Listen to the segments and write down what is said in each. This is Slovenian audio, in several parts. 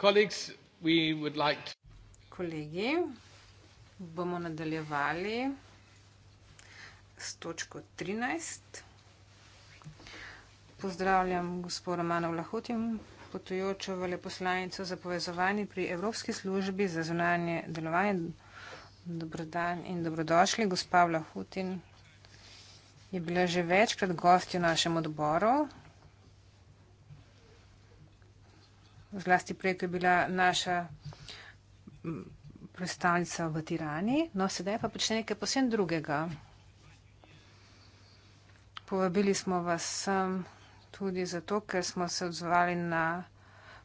Kolegi, bomo nadaljevali s točko 13. Pozdravljam gospod Romano Vlahotin, potujočo veleposlanico za povezovanje pri Evropski službi za zunanje delovanje. Dobro dan in dobrodošli. Gospa Vlahotin je bila že večkrat gostjo našem odboru. zlasti prej, ko je bila naša predstavnica v Tirani, no sedaj pa počne nekaj posebno drugega. Povabili smo vas sem tudi zato, ker smo se odzvali na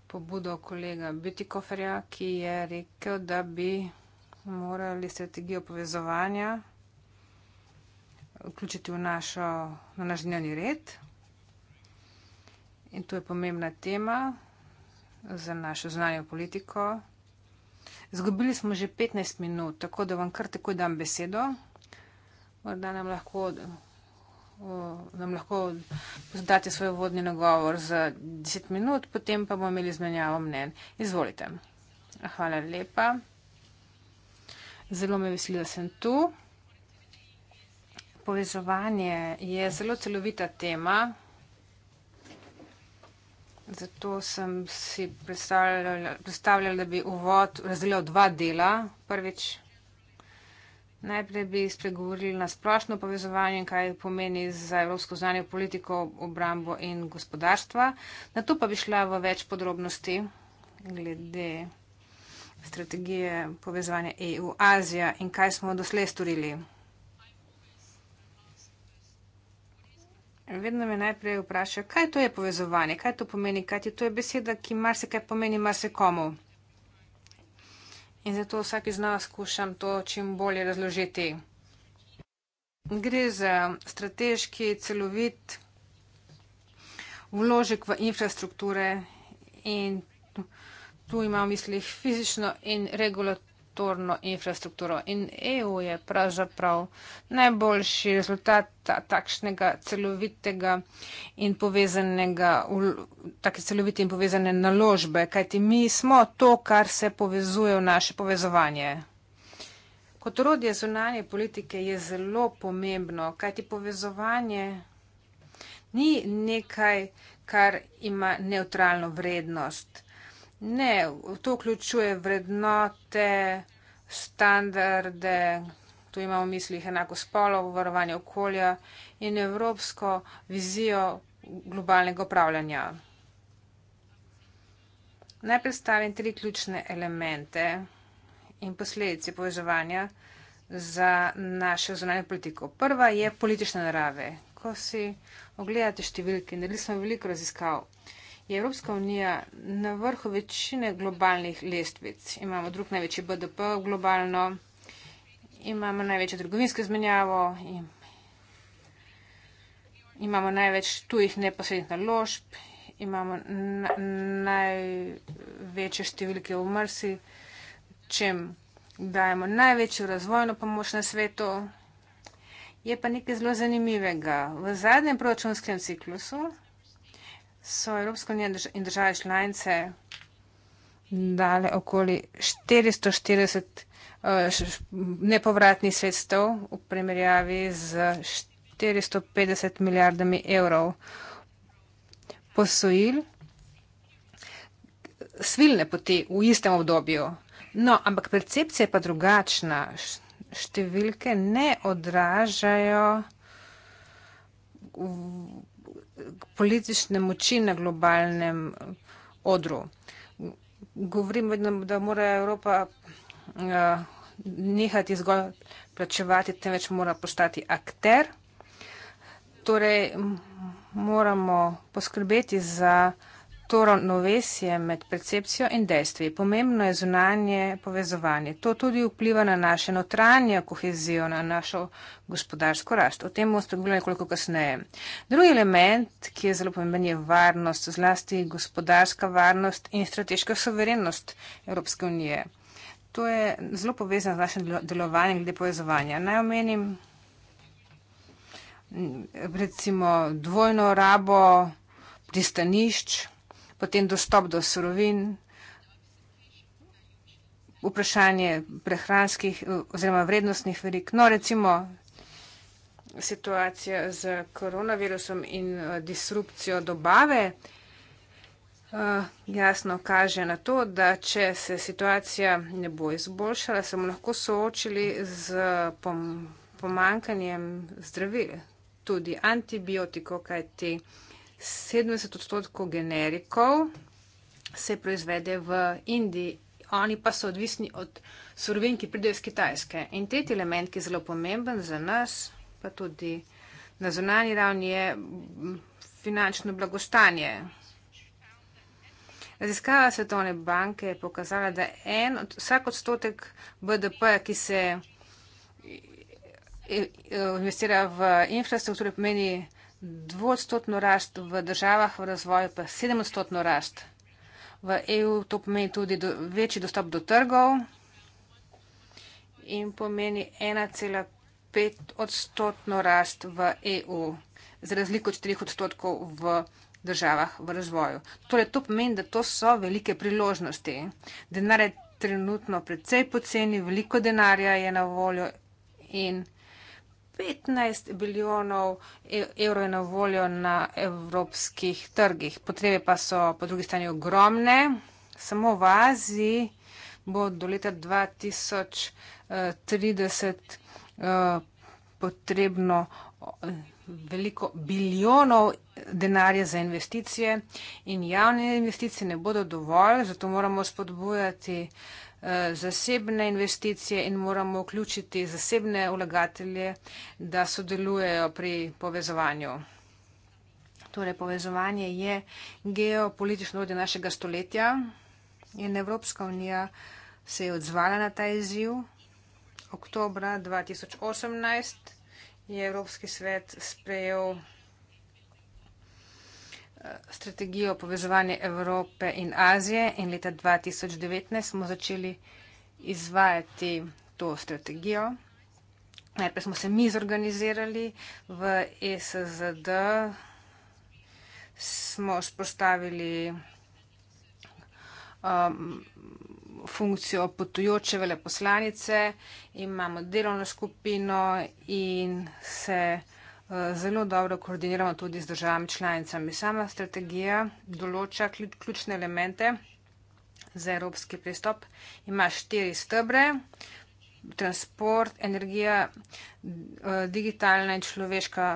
pobudo kolega Bitikoferja, ki je rekel, da bi morali strategijo povezovanja vključiti v, našo, v naš dnevni red. In to je pomembna tema, za našo zunanjo politiko. Zgubili smo že 15 minut, tako da vam kar takoj dam besedo. Morda nam lahko, o, nam lahko date svoj vodni nagovor za 10 minut, potem pa bomo imeli zmenjavo mnen. Izvolite. Hvala lepa. Zelo me veseli, da sem tu. Povezovanje je zelo celovita tema. Zato sem si predstavljala, predstavljala da bi uvod razdelila v dva dela. Prvič, najprej bi spregovorili na splošno povezovanje, kaj pomeni za evropsko znanje politiko, obrambo in gospodarstva. Na to pa bi šla v več podrobnosti glede strategije povezovanja EU-Azija in kaj smo doslej storili. Vedno me najprej vprašajo, kaj to je povezovanje, kaj to pomeni, kaj ti to je beseda, ki marsikaj pomeni marsikomu. In zato vsaki z nas skušam to čim bolje razložiti. Gre za strateški, celovit vložek v infrastrukture in tu imam v mislih fizično in regulatorno infrastrukturno infrastrukturo. In EU je pravzaprav najboljši rezultat takšnega celovitega in povezanega, take celovite in povezane naložbe, kajti mi smo to, kar se povezuje v naše povezovanje. Kot orodje zunanje politike je zelo pomembno, kajti povezovanje ni nekaj, kar ima neutralno vrednost. Ne, to vključuje vrednote, standarde, tu imamo v mislih enako spolo, varovanje okolja in evropsko vizijo globalnega upravljanja. Naj predstavim tri ključne elemente in posledice povezovanja za našo zunanjo politiko. Prva je politične narave. Ko si ogledate številke, naredili smo veliko raziskav je Evropska unija na vrhu večine globalnih lestvic. Imamo drug največji BDP globalno, imamo največjo trgovinsko izmenjavo, imamo največ tujih neposrednih naložb, imamo na, največje številke v Mrsi, čem dajemo največjo razvojno pomoč na svetu. Je pa nekaj zelo zanimivega. V zadnjem proračunskem ciklusu so Evropska unija in države članice dale okoli 440 eh, nepovratnih sredstev v primerjavi z 450 milijardami evrov posojil svilne poti v istem obdobju. No, ampak percepcija je pa drugačna. Številke ne odražajo politične moči na globalnem eh, odru. Govorim, da mora Evropa eh, nehati zgolj plačevati, temveč mora postati akter. Torej, moramo poskrbeti za vse, to ravnovesje med percepcijo in dejstvi. Pomembno je zunanje povezovanje. To tudi vpliva na naše notranje kohezijo, na našo gospodarsko rast. O tem bomo spregovorili nekoliko kasneje. Drugi element, ki je zelo pomemben, je varnost, zlasti gospodarska varnost in strateška soverenost Evropske unije. To je zelo povezano z našim delovanjem glede povezovanja. Naj omenim recimo dvojno rabo pristanišč, potem dostop do surovin, vprašanje prehranskih eh, oziroma vrednostnih verik. No, recimo situacija z koronavirusom in eh, disrupcijo dobave eh, jasno kaže na to, da če se situacija ne bo izboljšala, se bomo lahko soočili z pomankanjem zdravil, tudi antibiotiko, kajti. 70 odstotkov generikov se proizvede v Indiji, oni pa so odvisni od surovin, ki pridejo iz Kitajske. In tretji element, ki je zelo pomemben za nas, pa tudi na zunanji ravni, je finančno blagostanje. Raziskava Svetovne banke je pokazala, da en, vsak odstotek BDP, ki se investira v infrastrukturo, pomeni dvodstotno rast, v državah v razvoju pa sedemodstotno rast. V EU to pomeni tudi do, večji dostop do trgov in pomeni 1,5 odstotno rast v EU, z razliko 4 odstotkov v državah v razvoju. Torej, to pomeni, da to so velike priložnosti. Denar je trenutno precej poceni, veliko denarja je na voljo in. 15 bilijonov e-, evrov je na voljo na evropskih trgih. Potrebe pa so po drugi strani ogromne. Samo v Aziji bo do leta 2030 e, potrebno e, veliko bilijonov denarja za investicije in javne investicije ne bodo dovolj, zato moramo spodbujati uh, Eh, zasebne investicije in moramo vključiti zasebne vlagatelje, da sodelujejo pri povezovanju. Torej, povezovanje je geopolitično vodje našega stoletja in Evropska unija se je odzvala na ta izziv. Oktobra 2018 je Evropski svet sprejel strategijo povezovanja Evrope in Azije in leta 2019 smo začeli izvajati to strategijo. Najprej smo se mi zorganizirali v ESZD, smo spostavili um, funkcijo potujoče veleposlanice, imamo delovno skupino in se uh, Eh, zelo dobro koordiniramo tudi z državami članicami. Sama strategija določa ključne elemente za evropski pristop. Ima štiri stebre. Transport, energija, eh, digitalna in človeška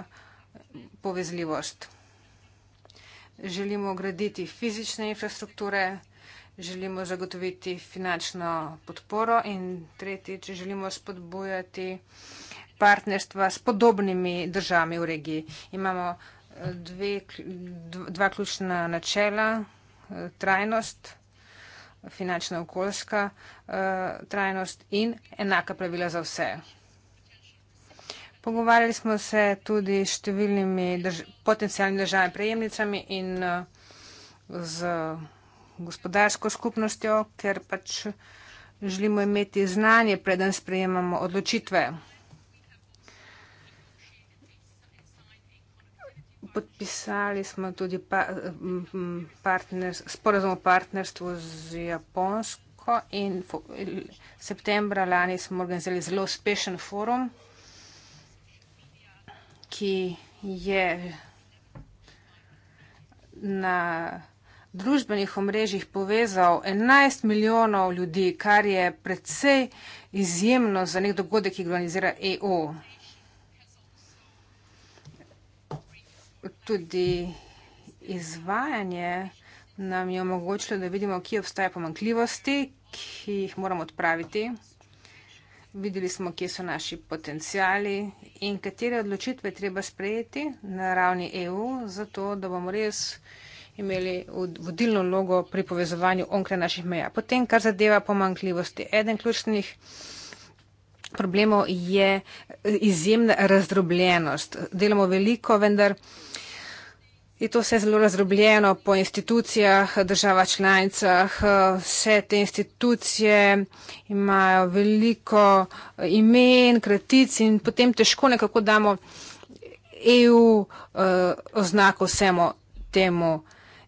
povezljivost. Želimo graditi fizične infrastrukture, želimo zagotoviti finančno podporo in tretjič, želimo spodbujati partnerstva s podobnimi državami v regiji. Imamo eh, dve, dva ključna načela, eh, trajnost, finančna okoljska eh, trajnost in enaka pravila za vse. Pogovarjali smo se tudi s številnimi drž potencijalnimi državami prejemnicami in z gospodarsko skupnostjo, ker pač želimo imeti znanje, preden sprejemamo odločitve. Podpisali smo tudi sporozum o partnerstvu z Japonsko in septembra lani smo organizirali zelo uspešen forum, ki je na družbenih omrežjih povezal 11 milijonov ljudi, kar je predvsej izjemno za nek dogodek, ki ga organizira EU. tudi izvajanje nam je omogočilo, da vidimo, kje obstajajo pomankljivosti, ki jih moramo odpraviti. Videli smo, kje so naši potencijali in katere odločitve treba sprejeti na ravni EU, zato da bomo res imeli vodilno logo pri povezovanju onkraj naših meja. Potem, kar zadeva pomankljivosti, eden ključnih problemov je eh, izjemna razdrobljenost. Delamo veliko, vendar je to vse zelo razdrobljeno po institucijah, država članicah. Vse te institucije imajo veliko eh, imen, kratic in potem težko nekako damo EU eh, oznako vsemu temu.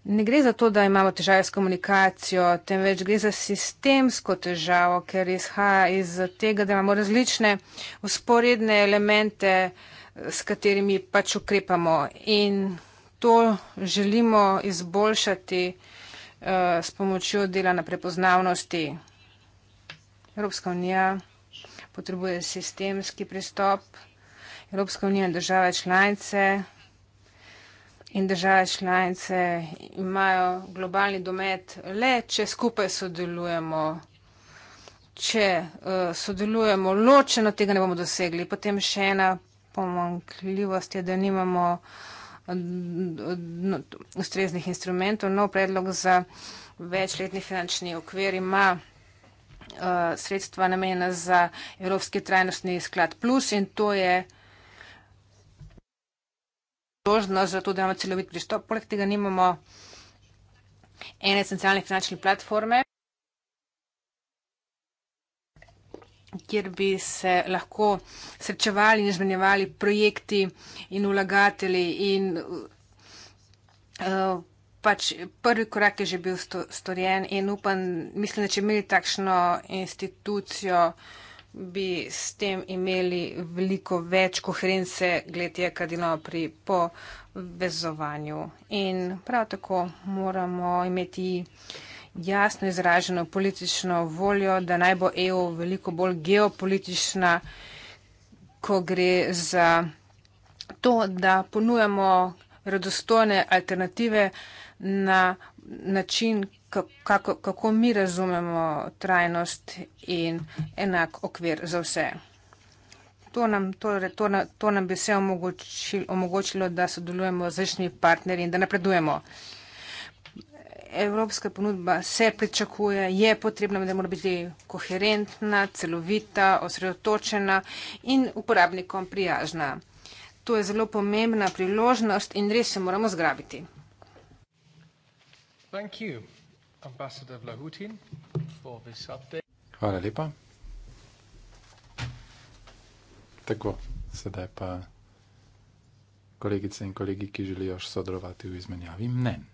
Ne gre za to, da imamo težave s komunikacijo, temveč gre za sistemsko težavo, ker izhaja iz tega, da imamo različne usporedne elemente, s katerimi pač ukrepamo. In to želimo izboljšati uh, s pomočjo dela na prepoznavnosti. Evropska unija potrebuje sistemski pristop. Evropska unija in države članice in države članice imajo globalni domet le, če skupaj sodelujemo. Če uh, sodelujemo ločeno, tega ne bomo dosegli. Potem še ena pomankljivost je, da nimamo eh, no, ustreznih instrumentov. Nov predlog za večletni finančni okvir ima uh, sredstva namenjena za Evropski trajnostni sklad plus in to je možnost za to, da imamo celovit pristop. Poleg tega nimamo ene esencialne finančne platforme, kjer bi se lahko srečevali in izmenjevali projekti in vlagatelji in eh, pač prvi korak je že bil storjen in upam, mislim, da če imeli takšno institucijo, bi s tem imeli veliko več koherence glede kardinala pri povezovanju. In prav tako moramo imeti jasno izraženo politično voljo, da naj bo EU veliko bolj geopolitična, ko gre za to, da ponujamo redostojne alternative na način, kako, kako mi razumemo trajnost in enak okvir za vse. To nam, to, to, to nam bi se omogočilo, omogočilo, da sodelujemo z večnimi partnerji in da napredujemo. Evropska ponudba se pričakuje, je potrebna, da mora biti koherentna, celovita, osredotočena in uporabnikom prijazna. To je zelo pomembna priložnost in res se moramo zgrabiti. Thank you, Ambassador Vlahutin, for this update. Hvala lepa. Tako, sedaj pa kolegice in kolegi, ki želijo še sodelovati v izmenjavi mnen.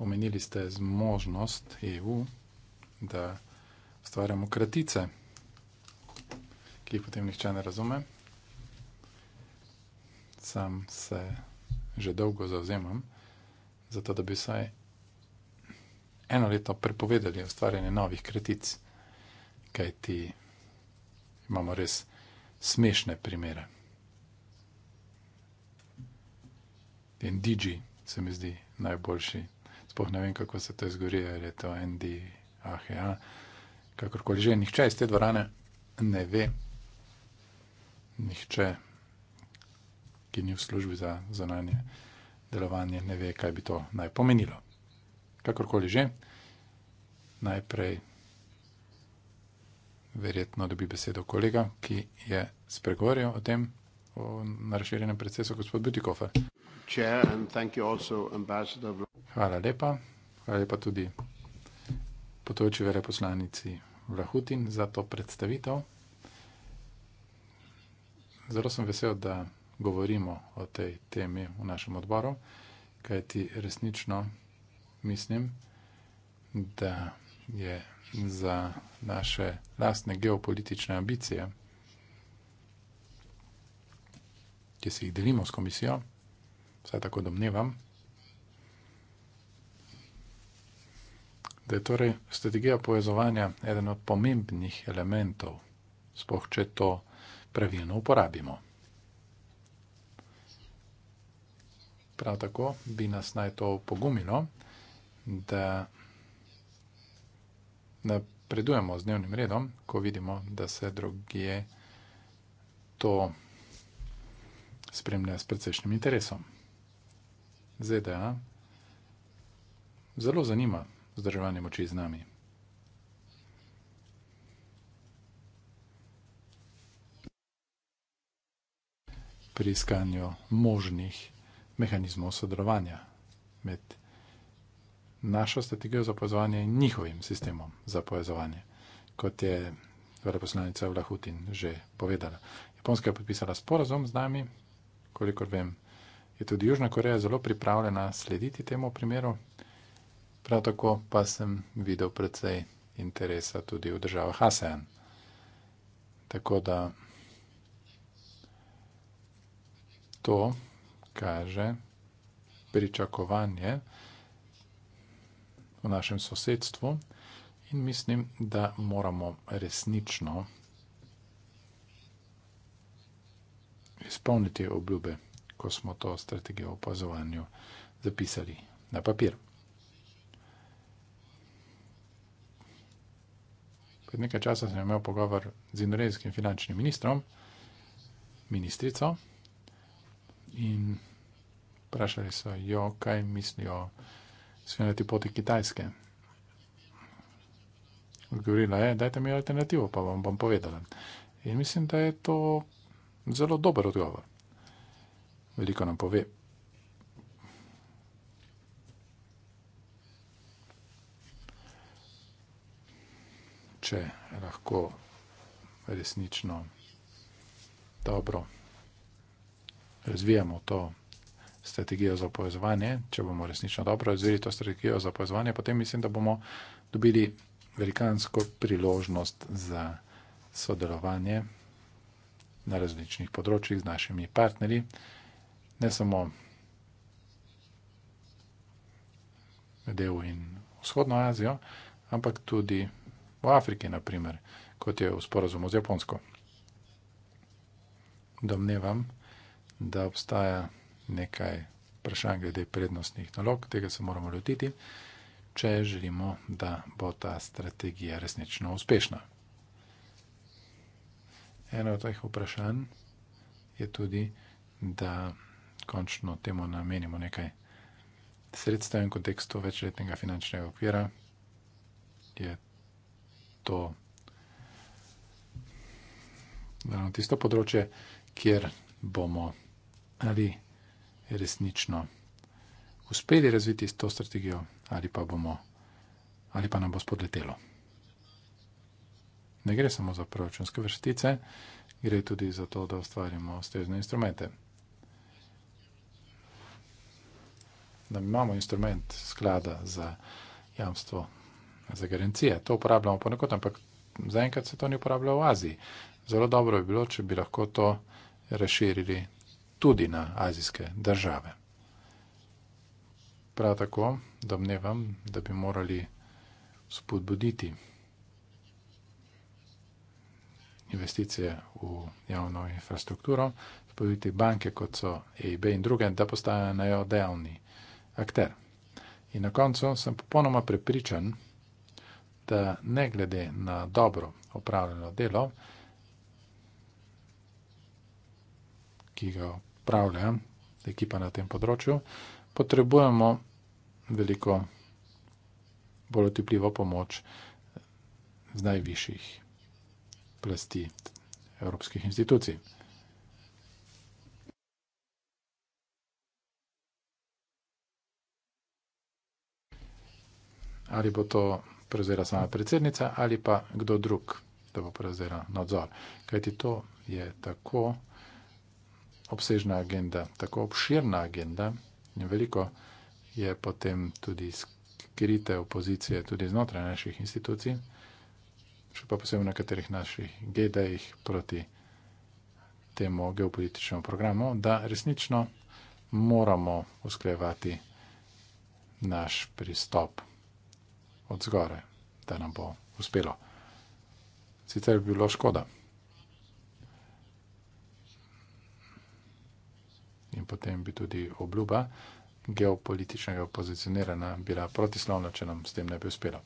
Omenili ste zmožnost EU, da stvarjamo kratice, ki jih potem nihče ne razume. Sam se že dolgo zauzemam, zato da bi vsaj eno leto prepovedali ustvarjanje novih kretic, kaj ti imamo res smešne primere. In Digi se mi zdi najboljši. Sploh ne vem, kako se to izgori, ali je to ND, AHA, kakorkoli že. Nihče iz te dvorane ne ve, nihče ki ni v službi za zonanje delovanje, ne ve, kaj bi to naj pomenilo. Kakorkoli že, najprej verjetno dobi besedo kolega, ki je spregovoril o tem, o razširjenem procesu, gospod Butikofer. Hvala lepa. Hvala lepa tudi potoči veleposlanici Vlahutin za to predstavitev. Zelo sem vesel, da govorimo o tej temi v našem odboru, kajti resnično mislim, da je za naše lastne geopolitične ambicije, ki se jih delimo s komisijo, vsaj tako domnevam, da je torej strategija povezovanja eden od pomembnih elementov, spoh če to pravilno uporabimo. Prav tako bi nas naj to pogumilo, da napredujemo z dnevnim redom, ko vidimo, da se drugje to spremlja s precejšnjim interesom. ZDA zelo zanima vzdrževanje moči z nami. pri iskanju možnih mehanizmov sodelovanja med našo strategijo za povezovanje in njihovim sistemom za povezovanje, kot je veleposlanica Vlahutin že povedala. Japonska je podpisala sporazum z nami, kolikor vem, je tudi Južna Koreja zelo pripravljena slediti temu primeru, prav tako pa sem videl predvsej interesa tudi v državah ASEAN. Tako da to kaže pričakovanje v našem sosedstvu in mislim, da moramo resnično izpolniti obljube, ko smo to strategijo v opazovanju zapisali na papir. Pred nekaj časa sem imel pogovor z indonezijskim finančnim ministrom, ministrico, in vprašali so jo, kaj mislijo o svetovni poti Kitajske. Odgovorila je, dajte mi alternativo, pa vam bom povedala. In mislim, da je to zelo dober odgovor. Veliko nam pove. Če lahko resnično dobro razvijamo to strategijo za povezovanje, če bomo resnično dobro razvili to strategijo za povezovanje, potem mislim, da bomo dobili velikansko priložnost za sodelovanje na različnih področjih z našimi partnerji, ne samo Medev in vzhodno Azijo, ampak tudi v Afriki, naprimer, kot je v sporazumu z Japonsko. Domnevam, da obstaja nekaj vprašanj glede prednostnih nalog, tega se moramo lotiti, če želimo, da bo ta strategija resnično uspešna. Eno od teh vprašanj je tudi, da končno temu namenimo nekaj sredstev in kontekstu večletnega finančnega okvira. Je to ravno tisto področje, kjer bomo ali resnično uspeli razviti to strategijo, ali pa, bomo, ali pa nam bo spodletelo. Ne gre samo za proračunske vrstice, gre tudi za to, da ustvarjamo ustrezne instrumente. Da imamo instrument sklada za jamstvo, za garancije. To uporabljamo ponekod, ampak zaenkrat se to ni uporabljalo v Aziji. Zelo dobro bi bilo, če bi lahko to razširili tudi na azijske države. Prav tako domnevam, da bi morali spodbuditi investicije v javno infrastrukturo, spodbuditi banke, kot so EIB in druge, da postanejo dejavni akter. In na koncu sem popolnoma prepričan, da ne glede na dobro opravljeno delo, ki ga upravlja ekipa na tem področju, potrebujemo veliko bolj otipljivo pomoč z najvišjih plasti evropskih institucij. Ali bo to prevzela sama predsednica ali pa kdo drug, da bo prevzela nadzor. Kajti to je tako obsežna agenda, tako obširna agenda in veliko je potem tudi skrite opozicije tudi znotraj naših institucij, še pa posebej na katerih naših gedejih proti temu geopolitičnemu programu, da resnično moramo usklejevati naš pristop od zgore, da nam bo uspelo. Sicer bi bilo škoda. in potem bi tudi obljuba geopolitičnega pozicioniranja bila protislovna, če nam s tem ne bi uspelo.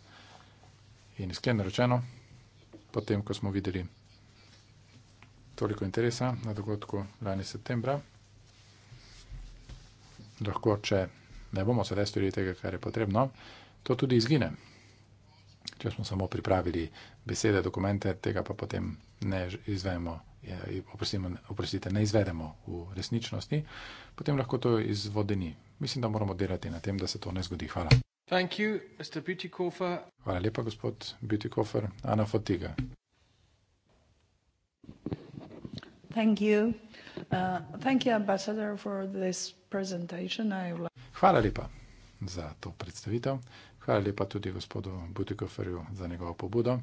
In iskreno rečeno, potem, ko smo videli toliko interesa na dogodku lani septembra, lahko, če ne bomo sedaj storili tega, kar je potrebno, to tudi izgine. Če smo samo pripravili besede, dokumente, tega pa potem ne izvemo je, ja, oprostimo, oprostite, ne izvedemo v resničnosti, potem lahko to izvodeni. Mislim, da moramo delati na tem, da se to ne zgodi. Hvala. You, Hvala lepa, gospod Beautycofer. Ana Fotiga. Uh, Hvala lepa za to predstavitev. Hvala lepa tudi gospodu Butikoferju za njegovo pobudo.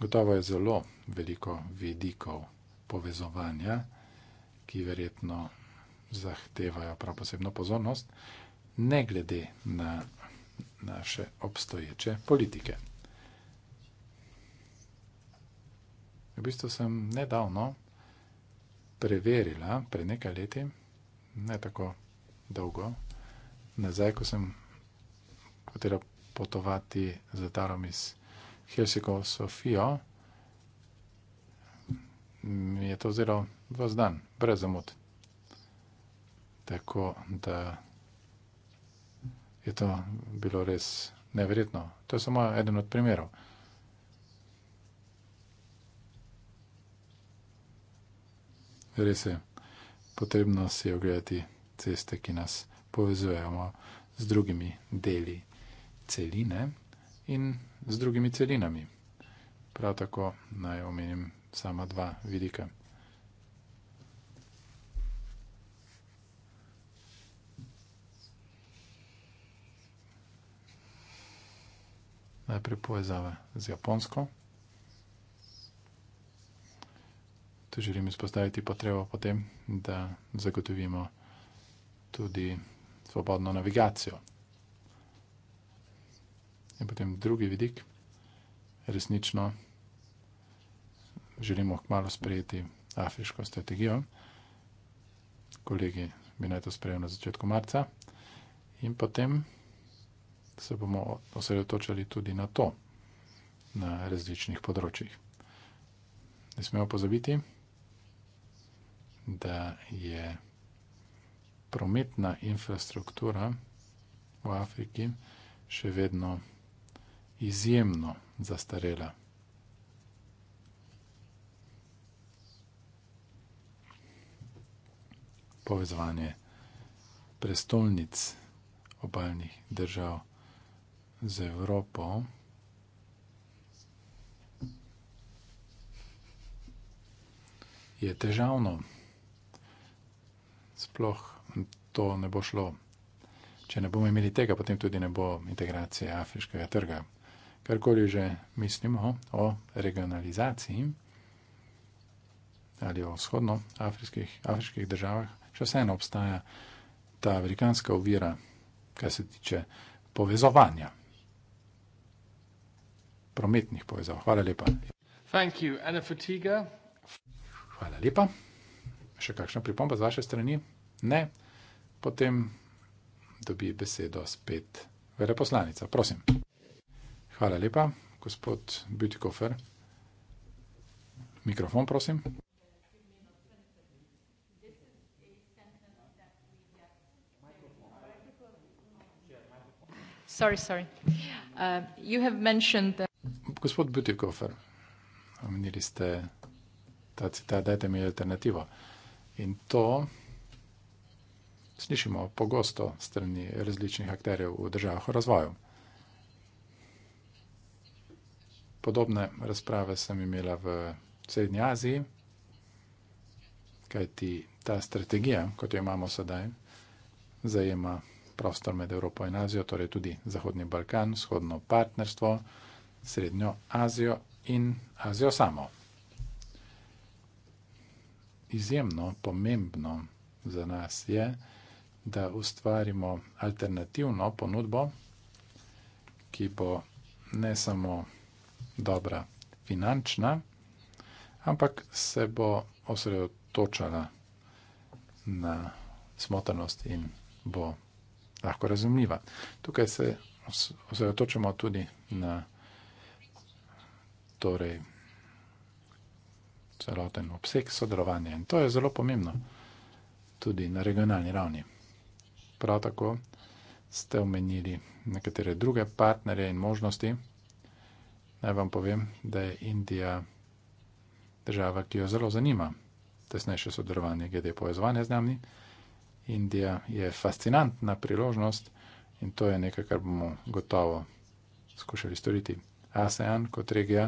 Gotovo je zelo veliko vidikov povezovanja, ki verjetno zahtevajo prav posebno pozornost, ne glede na naše obstoječe politike. V bistvu sem nedavno preverila, pred nekaj leti, ne tako dolgo, nazaj, ko sem hotela potovati z Tarom iz Tarom. Helsinko Sofijo, mi je to vzelo vas dan, brez zamud. Tako da je to bilo res neverjetno. To je samo eden od primerov. Res je, potrebno si ogledati ceste, ki nas povezujemo z drugimi deli celine in z drugimi celinami. Prav tako naj omenim sama dva vidika. Najprej povezava z Japonsko. Tu želim izpostaviti potrebo potem, da zagotovimo tudi svobodno navigacijo. In potem drugi vidik, resnično želimo kmalo sprejeti afriško strategijo. Kolegi bi naj to sprejeli na začetku marca. In potem se bomo osredotočali tudi na to, na različnih področjih. Ne smemo pozabiti, da je prometna infrastruktura v Afriki še vedno vsega izjemno zastarela. Povezovanje prestolnic obaljnih držav z Evropo je težavno. Sploh to ne bo šlo. Če ne bomo imeli tega, potem tudi ne bo integracije afriškega trga karkoli že mislimo o regionalizaciji ali o vzhodnoafriških afriških državah, še vseeno obstaja ta velikanska ovira, kar se tiče povezovanja, prometnih povezav. Hvala lepa. Thank you, Anna Fatiga. Hvala lepa. Še kakšna pripomba z vaše strani? Ne. Potem dobi besedo spet veleposlanica. Prosim. Hvala lepa, gospod Bütikofer. Mikrofon, prosim. Sorry, sorry. Uh, you have mentioned that... Gospod Butikofer, omenili ste ta citat, dajte mi alternativo. In to slišimo pogosto strani različnih akterjev v državah v razvoju. podobne razprave sem imela v Srednji Aziji, kajti ta strategija, kot jo imamo sedaj, zajema prostor med Evropo in Azijo, torej tudi Zahodni Balkan, Vzhodno partnerstvo, Srednjo Azijo in Azijo samo. Izjemno pomembno za nas je, da ustvarimo alternativno ponudbo, ki bo ne samo dobra finančna, ampak se bo osredotočala na smotrnost in bo lahko razumljiva. Tukaj se osredotočamo tudi na torej, celoten obseg sodelovanja in to je zelo pomembno tudi na regionalni ravni. Prav tako ste omenili nekatere druge partnerje in možnosti. Naj vam povem, da je Indija država, ki jo zelo zanima tesnejše sodelovanje glede povezovanja z nami. Indija je fascinantna priložnost in to je nekaj, kar bomo gotovo skušali storiti. ASEAN kot regija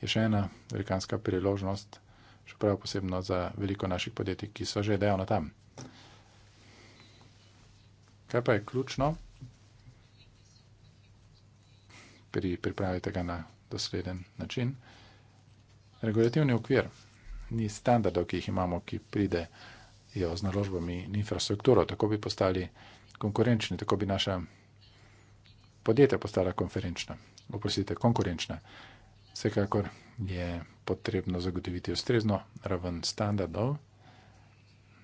je še ena velikanska priložnost, še prav posebno za veliko naših podjetij, ki so že dejavna tam. Kaj pa je ključno pri pripravi tega na dosleden način. Regulativni okvir ni standardov, ki jih imamo, ki pride z naložbami in infrastrukturo, tako bi postali konkurenčni, tako bi naša podjetja postala konferenčna, oprostite, konkurenčna. Vsekakor je potrebno zagotoviti ustrezno raven standardov,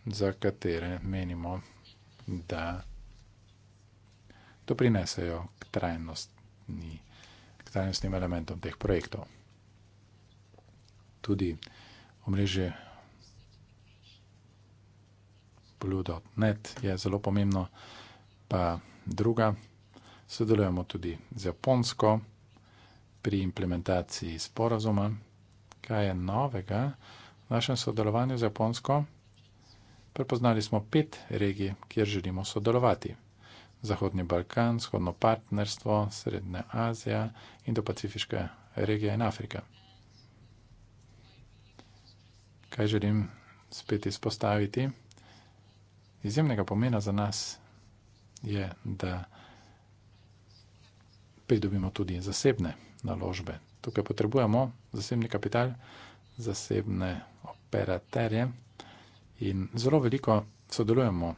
za katere menimo, da to prinesejo k trajnostni trajnostnim elementom teh projektov. Tudi omrežje Blue.net je zelo pomembno, pa druga. Sodelujemo tudi z Japonsko pri implementaciji sporazuma. Kaj je novega v našem sodelovanju z Japonsko? Prepoznali smo pet regij, kjer želimo sodelovati. Zahodni Balkan, Vzhodno partnerstvo, Srednja Azija, Indo-Pacifiška regija in Afrika. Kaj želim spet izpostaviti? Izjemnega pomena za nas je, da pridobimo tudi zasebne naložbe. Tukaj potrebujemo zasebni kapital, zasebne operaterje in zelo veliko sodelujemo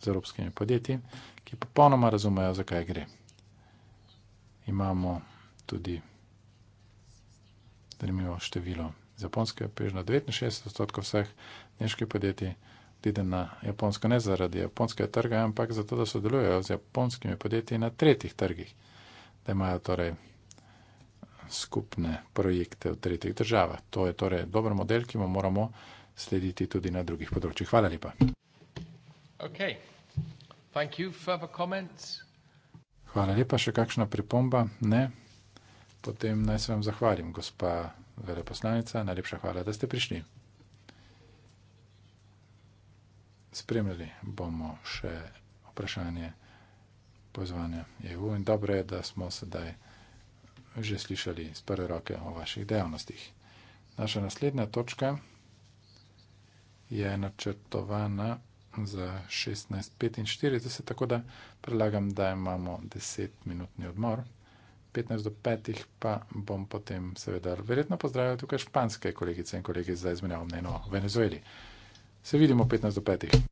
z evropskimi podjetji, ki popolnoma razumejo, zakaj gre. Imamo tudi zanimivo število z Japonske, prižno 69 odstotkov vseh nemških podjetij pride na Japonsko ne zaradi japonskega trga, ampak zato, da sodelujejo z japonskimi podjetji na tretjih trgih, da imajo torej skupne projekte v tretjih državah. To je torej dober model, ki mu moramo slediti tudi na drugih področjih. Hvala lepa. Okay. Thank you. Further comments? Hvala lepa. Še kakšna pripomba? Ne. Potem naj se vam zahvalim, gospa veleposlanica. Najlepša hvala, da ste prišli. Spremljali bomo še vprašanje pozvanja EU in dobro je, da smo sedaj že slišali z prve roke o vaših dejavnostih. Naša naslednja točka je načrtovana za 16:45, tako da predlagam, da imamo 10-minutni odmor. 15 do 5 pa bom potem seveda verjetno pozdravil tukaj španske kolegice in kolege za izmenjavo mnenja o Venezueli. Se vidimo 15 do 5.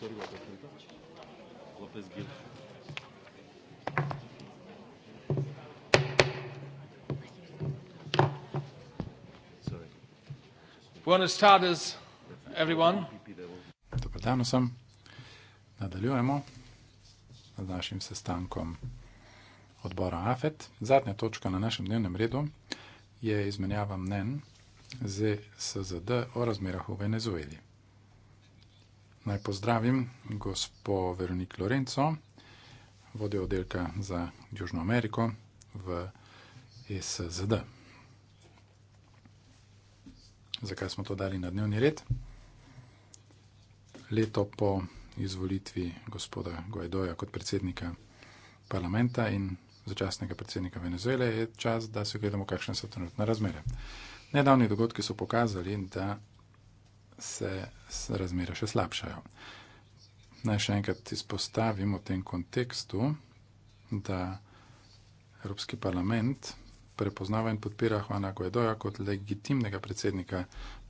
istorijo pokrito. Lopez Gil. Buenas tardes, everyone. Dobro dan vsem. Nadaljujemo z našim sestankom odbora AFET. Zadnja točka na našem dnevnem redu je izmenjava mnen z SZD o razmerah v Venezueli. Naj pozdravim gospo Veronik Lorenco, vodjo oddelka za Južno Ameriko v e SZD. Zakaj smo to dali na dnevni red? Leto po izvolitvi gospoda Guaidoja kot predsednika parlamenta in začasnega predsednika Venezuele je čas, da se gledamo, kakšne so trenutne razmere. Nedavni dogodki so pokazali, da se, se razmere še slabšajo. Naj še enkrat izpostavim v tem kontekstu, da Evropski parlament prepoznava in podpira Juana Guaidoja kot legitimnega predsednika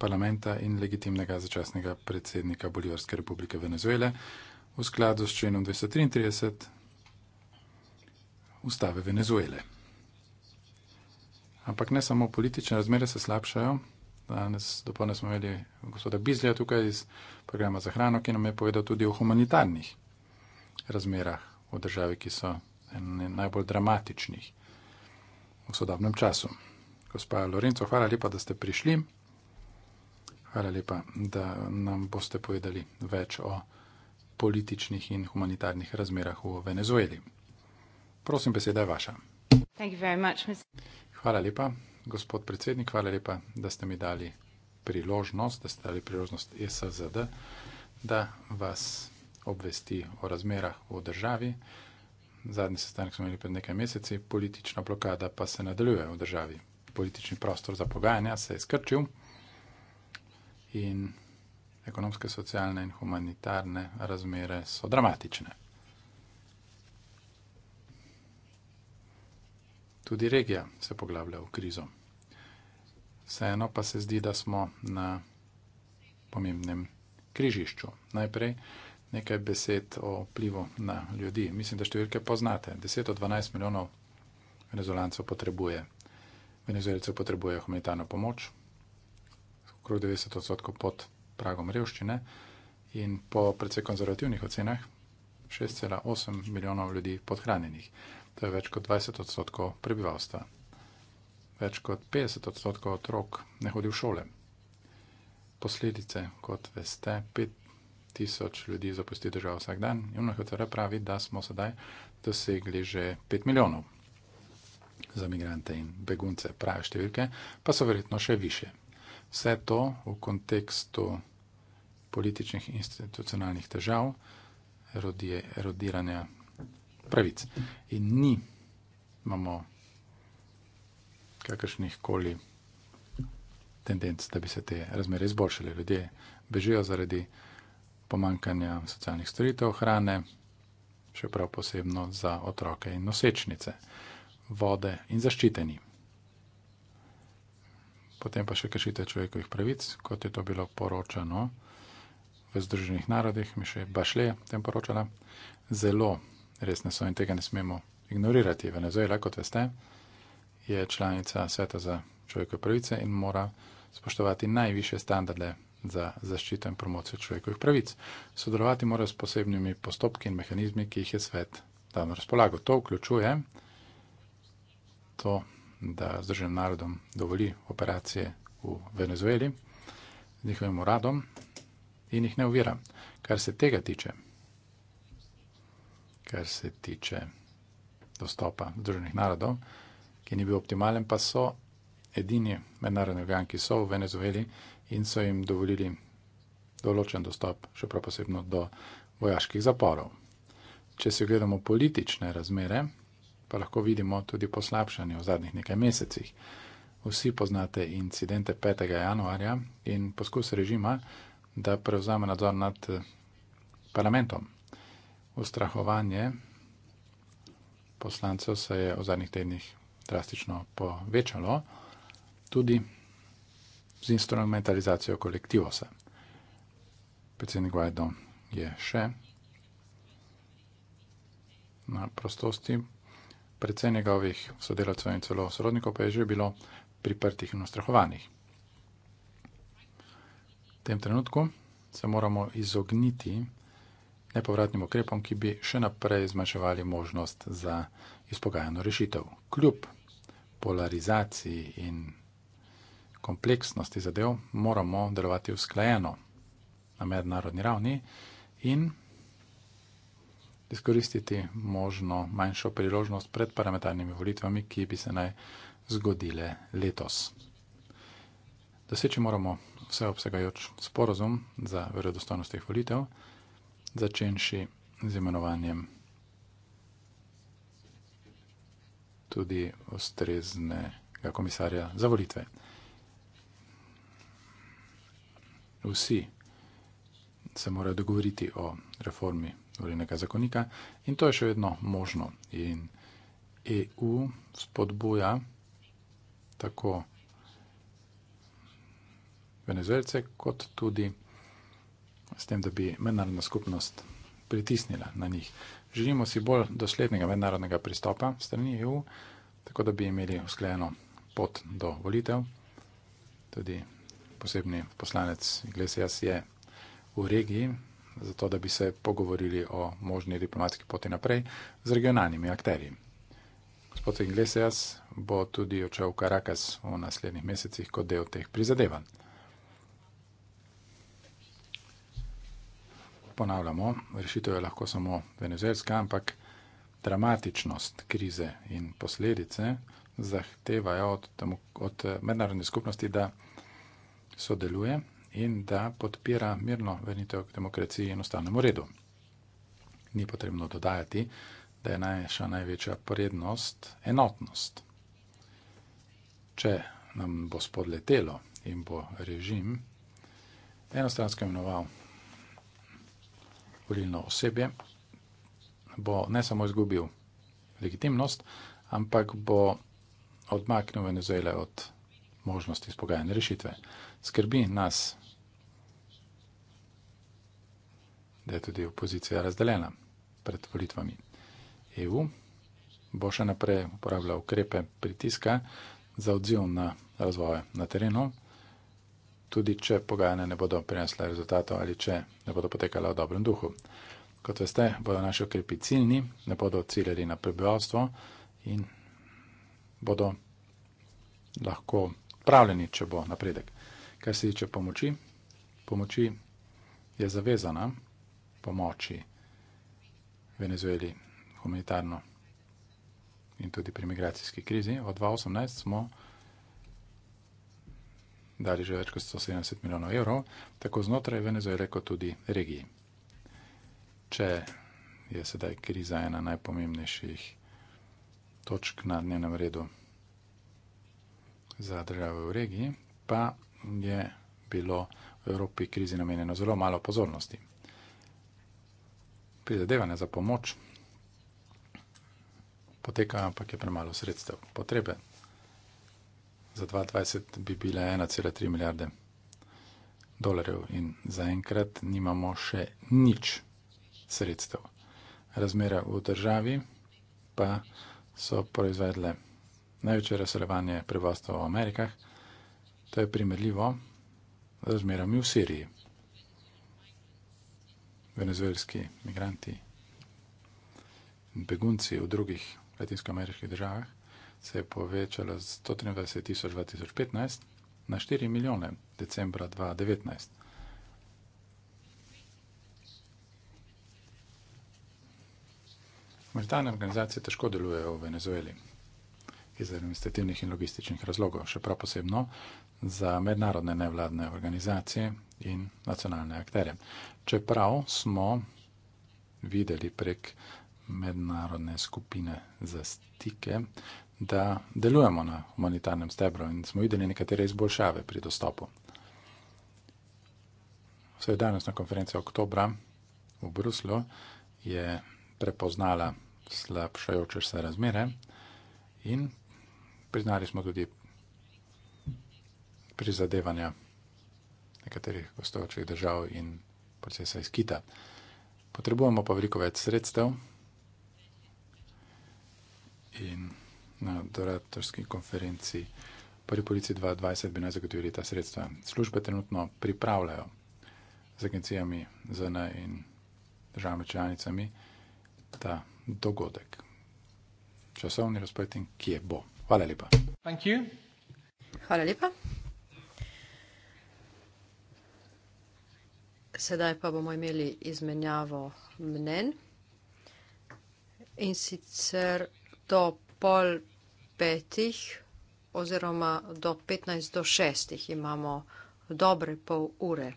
parlamenta in legitimnega začasnega predsednika Bolivarske republike Venezuele v skladu s členom 233 ustave Venezuele. Ampak ne samo politične razmere se slabšajo, danes dopolne smo imeli gospoda Bizlja tukaj iz programa za hrano, ki nam je povedal tudi o humanitarnih razmerah v državi, ki so najbolj dramatičnih v sodobnem času. Gospa Lorenco, hvala lepa, da ste prišli. Hvala lepa, da nam boste povedali več o političnih in humanitarnih razmerah v Venezueli. Prosim, beseda je vaša. Hvala lepa, gospod predsednik, hvala lepa, da ste mi dali priložnost, da ste dali priložnost e SZD, da vas obvesti o razmerah v državi. Zadnji sestanek smo imeli pred nekaj meseci, politična blokada pa se nadaljuje v državi. Politični prostor za pogajanja se je skrčil in ekonomske, socialne in humanitarne razmere so dramatične. Tudi regija se poglablja v krizo. Vseeno pa se zdi, da smo na pomembnem križišču. Najprej nekaj besed o vplivu na ljudi. Mislim, da številke poznate. 10 od 12 milijonov venezolancev potrebuje. Venezuelcev potrebuje humanitarno pomoč, okrog 90 odstotkov pod pragom revščine in po precej konzervativnih ocenah 6,8 milijonov ljudi podhranjenih to je več kot 20 odstotkov prebivalstva. Več kot 50 odstotkov otrok ne hodi v šole. Posledice, kot veste, 5000 ljudi zapusti državo vsak dan in mnogo tere pravi, da smo sedaj dosegli že 5 milijonov za migrante in begunce. Prave številke pa so verjetno še više. Vse to v kontekstu političnih institucionalnih težav, erodiranja pravic. In ni imamo kakršnih koli tendenc, da bi se te razmere izboljšale. Ljudje bežijo zaradi pomankanja socialnih storitev, hrane, še prav posebno za otroke in nosečnice, vode in zaščiteni. Potem pa še kršite človekovih pravic, kot je to bilo poročano v Združenih narodih, mi še Bašle je tem poročala, zelo res niso in tega ne smemo ignorirati. Venezuela, kot veste, je članica Sveta za človekove pravice in mora spoštovati najviše standarde za zaščito in promocijo človekovih pravic. Sodelovati mora s posebnimi postopki in mehanizmi, ki jih je svet dal na razpolago. To vključuje to, da Združenim narodom dovoli operacije v Venezueli z njihovim uradom in jih ne uvira. Kar se tega tiče, kar se tiče dostopa Združenih narodov, ki ni bil optimalen, pa so edini mednarodni organ, ki so v Venezueli in so jim dovolili določen dostop, še prav posebno do vojaških zaporov. Če se gledamo politične razmere, pa lahko vidimo tudi poslabšanje v zadnjih nekaj mesecih. Vsi poznate incidente 5. januarja in poskus režima, da prevzame nadzor nad eh, parlamentom, ustrahovanje poslancev se je v zadnjih tednih drastično povečalo, tudi z instrumentalizacijo kolektivosa. Predsednik Guaido je še na prostosti. Predvsej njegovih sodelavcev in celo sorodnikov pa je že bilo priprtih in ustrahovanih. V tem trenutku se moramo izogniti nepovratnim ukrepom, ki bi še naprej zmanjševali možnost za izpogajano rešitev. Kljub polarizaciji in kompleksnosti zadev moramo delovati usklajeno na mednarodni ravni in izkoristiti možno manjšo priložnost pred parlamentarnimi volitvami, ki bi se naj zgodile letos. Doseči moramo vseobsegajoč sporozum za verodostojnost teh volitev začenši z imenovanjem tudi ustreznega komisarja za volitve. Vsi se morajo dogovoriti o reformi volilnega zakonika in to je še vedno možno. In EU spodbuja tako venezuelce kot tudi s tem, da bi mednarodna skupnost pritisnila na njih. Želimo si bolj doslednega mednarodnega pristopa strani EU, tako da bi imeli usklejeno pot do volitev. Tudi posebni poslanec Iglesias je v regiji, zato da bi se pogovorili o možni diplomatski poti naprej z regionalnimi akterji. Gospod Iglesias bo tudi odšel v Karakas v naslednjih mesecih kot del teh prizadevanj. ponavljamo, rešitev je lahko samo venezuelska, ampak dramatičnost krize in posledice zahtevajo od, od eh, mednarodne skupnosti, da sodeluje in da podpira mirno vrnitev k demokraciji in ustavnemu redu. Ni potrebno dodajati, da je naša največja prednost enotnost. Če nam bo spodletelo in bo režim enostransko imenoval volilno osebje, bo ne samo izgubil legitimnost, ampak bo odmaknil Venezuele od možnosti spogajanja rešitve. Skrbi nas, da je tudi opozicija razdeljena pred volitvami. EU bo še naprej uporabljala ukrepe pritiska za odziv na razvoje na terenu tudi če pogajanja ne bodo prinesla rezultatov ali če ne bodo potekala v dobrem duhu. Kot veste, bodo naši okrepi ciljni, ne bodo ciljali na prebivalstvo in bodo lahko pravljeni, če bo napredek. Kar se tiče pomoči, pomoči je zavezana pomoči Venezueli humanitarno in tudi pri migracijski krizi. Od 2018 smo dali že več kot 170 milijonov evrov, tako znotraj Venezuele, kot tudi regiji. Če je sedaj kriza ena najpomembnejših točk na dnevnem redu za države v regiji, pa je bilo v Evropi krizi namenjeno zelo malo pozornosti. Prizadevanje za pomoč poteka, ampak je premalo sredstev. Potrebe za 2020 bi bile 1,3 milijarde dolarjev in zaenkrat nimamo še nič sredstev. Razmere v državi pa so proizvedle največje razselevanje prebivalstva v Amerikah. To je primerljivo z razmerami v Siriji. Venezuelski migranti in begunci v drugih latinskoameriških državah se je povečala z 123 tisoč 2015 na 4 milijone decembra 2019. Humanitarne organizacije težko delujejo v Venezueli iz administrativnih in logističnih razlogov, še prav posebno za mednarodne nevladne organizacije in nacionalne akterje. Čeprav smo videli prek mednarodne skupine za stike, da delujemo na humanitarnem stebru in smo videli nekatere izboljšave pri dostopu. Vse danes na konferenci oktobra v Bruslu je prepoznala slabšajoče se razmere in priznali smo tudi prizadevanja nekaterih gostovčih držav in procesa iz kita. Potrebujemo pa veliko več sredstev in na donatorski konferenciji. Prvi polici 2020 bi naj zagotovili ta sredstva. Službe trenutno pripravljajo z agencijami, ZN in državami članicami ta dogodek. Časovni razpored in kje bo. Hvala lepa. Hvala lepa. Sedaj pa bomo imeli izmenjavo mnen in sicer do pol petih oziroma do petnajst do šestih imamo dobre pol ure.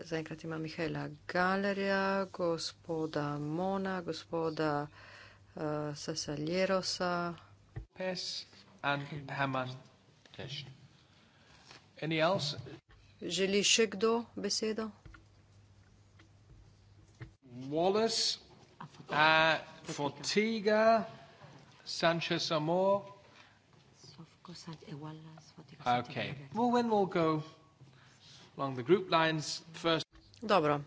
Zaenkrat ima Mihaela Galerja, gospoda Mona, gospoda uh, eh, Sasaljerosa. Pes and Haman. Any else? Želi še kdo besedo? Wallace. Uh, Fotiga, Sanchez Amor. Okay. Well, when we'll go along the group lines first. Dobro.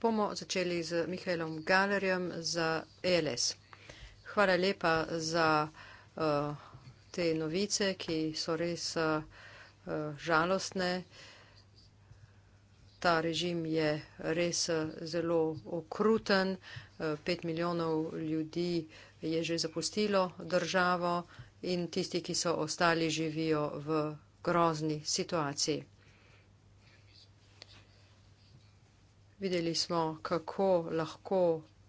Bomo začeli z Mihajlom Galerjem za ELS. Hvala lepa za uh, te novice, ki so res uh, žalostne. Ta režim je res uh, zelo okruten. Uh, 5 milijonov ljudi je že zapustilo državo in tisti, ki so ostali, živijo v grozni situaciji. Videli smo, kako lahko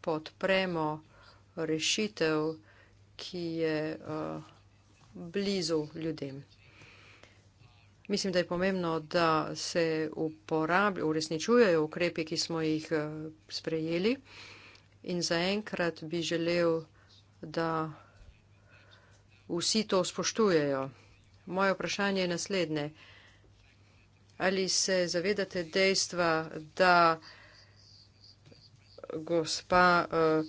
podpremo rešitev, ki je uh, blizu ljudem. Mislim, da je pomembno, da se uporabljajo, uresničujejo ukrepi, ki smo jih eh, sprejeli. Uh, In zaenkrat bi želel, da vsi to spoštujejo. Moje vprašanje je naslednje. Ali se zavedate dejstva, da gospa uh,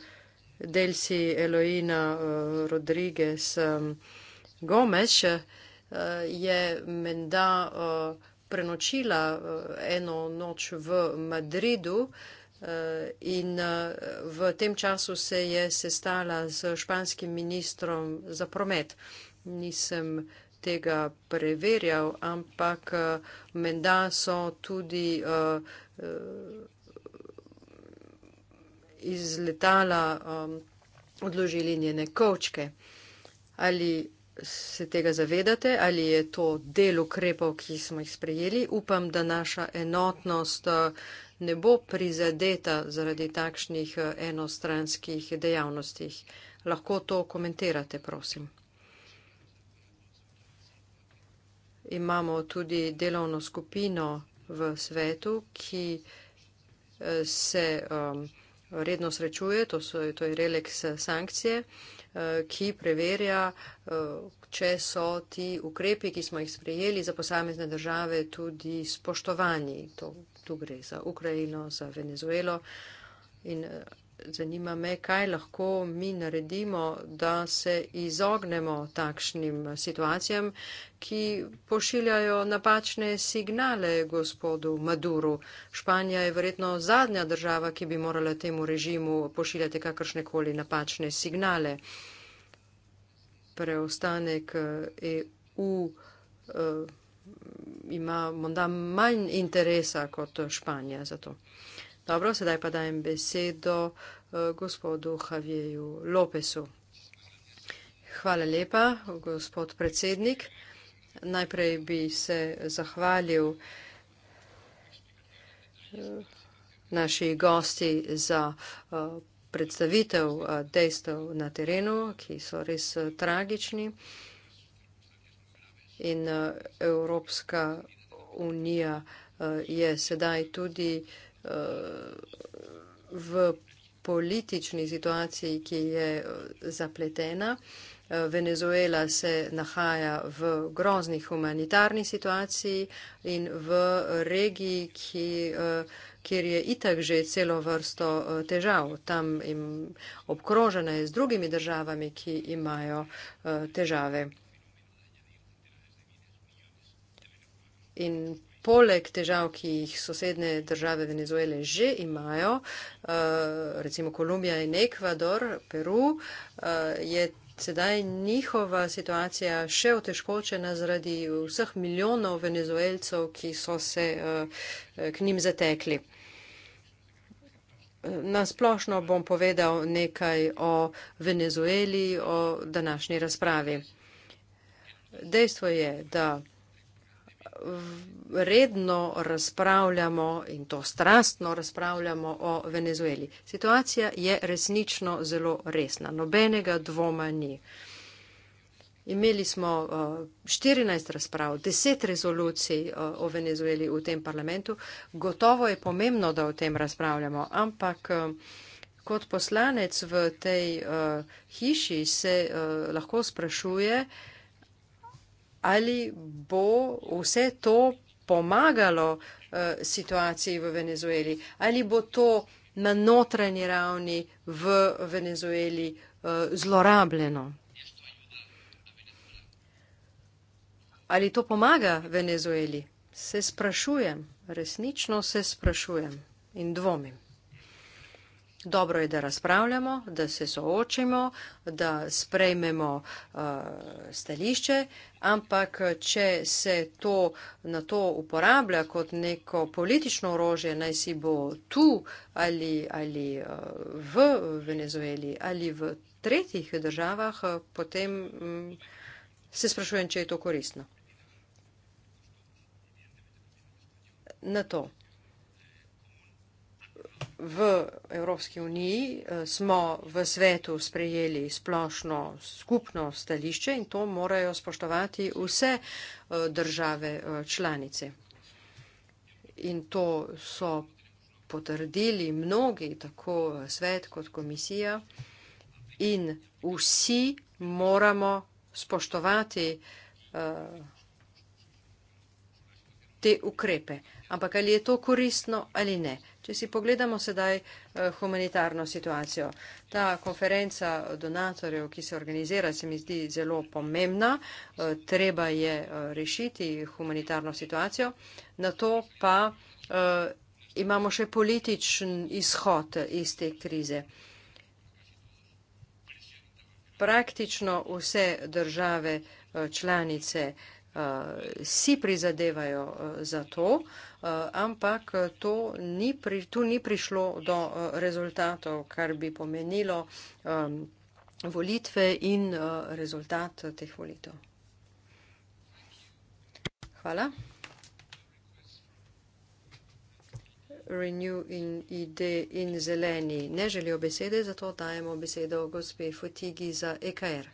Delsi Eloina uh, Rodriguez um, eh, Gomes uh, je menda uh, prenočila uh, eno noč v Madridu, uh, Eh, in eh, v tem času se je sestala z španskim ministrom za promet. Nisem tega preverjal, ampak eh, menda so tudi iz letala odložili njene kočke. Ali se tega zavedate, ali je to del ukrepov, ki smo jih sprejeli. Upam, da naša enotnost ne bo prizadeta zaradi takšnih eh, enostranskih dejavnosti. Lahko to komentirate, prosim. Imamo tudi delovno skupino v svetu, ki eh, se um, redno srečuje, to, so, to je releks sankcije, uh, ki preverja, uh, če so ti ukrepi, ki smo jih sprejeli za posamezne države, tudi spoštovani. To tu gre za Ukrajino, za Venezuelo. In eh, zanima me, kaj lahko mi naredimo, da se izognemo takšnim eh, situacijam, ki pošiljajo napačne signale gospodu Maduru. Španija je verjetno zadnja država, ki bi morala temu režimu pošiljati kakršnekoli napačne signale. Preostanek EU. Eh, e uh, ima morda manj interesa kot Španija za to. Dobro, sedaj pa dajem besedo eh, gospodu Javiju Lopesu. Hvala lepa, gospod predsednik. Najprej bi se zahvalil eh, naši gosti za eh, predstavitev dejstev na terenu, ki so res tragični in eh, Evropska unija eh, je sedaj tudi eh, v politični situaciji, ki je zapletena. Venezuela se nahaja v grozni humanitarni situaciji in v regiji, ki, kjer je itak že celo vrsto težav. Tam im obkrožena je z drugimi državami, ki imajo težave. In poleg težav, ki jih sosedne države Venezuele že imajo, eh, recimo Kolumbija in Ekvador, Peru, eh, je sedaj njihova situacija še otežkočena zaradi vseh milijonov venezuelcev, ki so se eh, k njim zatekli. Na splošno bom povedal nekaj o Venezueli, o današnji razpravi. Dejstvo je, da redno razpravljamo in to strastno razpravljamo o Venezueli. Situacija je resnično zelo resna, nobenega dvoma ni. Imeli smo 14 uh, razprav, 10 rezolucij uh, o Venezueli v tem parlamentu. Gotovo je pomembno, da o tem razpravljamo, ampak uh, kot poslanec v tej hiši se lahko sprašuje, ali bo vse to pomagalo eh, situaciji v Venezueli, ali bo to na notranji ravni v Venezueli eh, zlorabljeno. Ali to pomaga Venezueli? Se sprašujem, resnično se sprašujem in dvomim. Dobro je, da razpravljamo, da se soočimo, da sprejmemo uh, stališče, ampak če se to na to uporablja kot neko politično orožje, naj si bo tu ali, ali uh, v Venezueli ali v tretjih državah, uh, potem um, se sprašujem, če je to koristno. Na to v Evropski uniji eh, smo v svetu sprejeli splošno skupno stališče in to morajo spoštovati vse eh, države eh, članice. In to so potrdili mnogi, tako svet kot komisija. In vsi moramo spoštovati uh, te ukrepe. Ampak ali je to koristno ali ne? Uh, Če si pogledamo sedaj eh, humanitarno situacijo, ta konferenca donatorjev, ki se organizira, se mi zdi zelo pomembna. Eh, treba je eh, rešiti humanitarno situacijo. Na to pa imamo še političen izhod iz te krize. Praktično vse države članice Eh, si prizadevajo eh, za to, eh, ampak to ni pri, tu ni prišlo do rezultatov, kar bi pomenilo volitve in rezultat teh volitev. Hvala. Renew in ID in zeleni ne želijo besede, zato dajemo besedo gospe Futigi za EKR.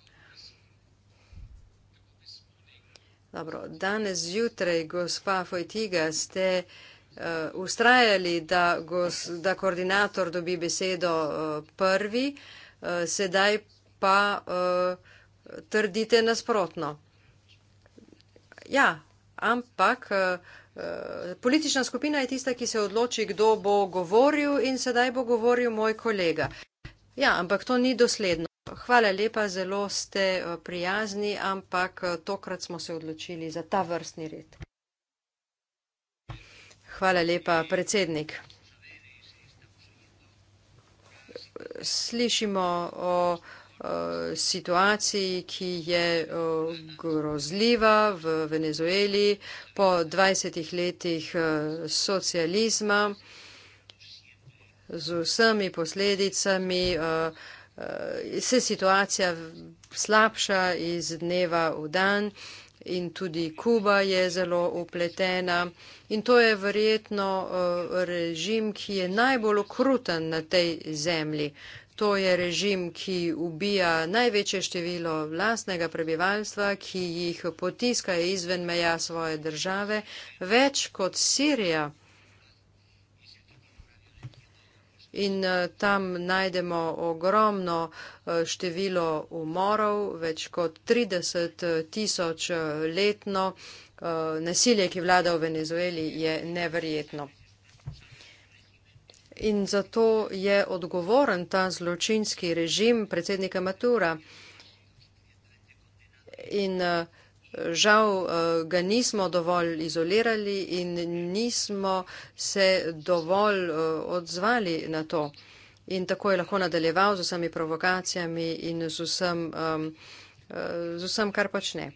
Dobro, danes zjutraj, gospa Fojtiga, ste uh, ustrajali, da, gos, da koordinator dobi besedo uh, prvi, uh, sedaj pa uh, trdite nasprotno. Ja, ampak uh, politična skupina je tista, ki se odloči, kdo bo govoril in sedaj bo govoril moj kolega. Ja, ampak to ni dosledno. Hvala lepa, zelo ste eh, prijazni, ampak eh, tokrat smo se odločili za ta vrstni red. Hvala lepa, predsednik. Slišimo o eh, situaciji, ki je grozljiva v Venezueli po 20 letih socializma z vsemi posledicami, Eh, se situacija slabša iz dneva v dan in tudi Kuba je zelo upletena. In to je verjetno eh, režim, ki je najbolj okruten na tej zemlji. To je režim, ki ubija največje število vlastnega prebivalstva, ki jih potiska izven meja svoje države, več kot Sirija. in eh, tam najdemo ogromno eh, število umorov, več kot 30 eh, tisoč letno. Nasilje, ki vlada v Venezueli, je neverjetno. In zato je odgovoren ta zločinski režim predsednika Matura. In uh, Žal eh, ga nismo dovolj izolirali in nismo se dovolj eh, odzvali na to. In tako je lahko nadaljeval z vsemi provokacijami in z vsem, um, z vsem kar počne.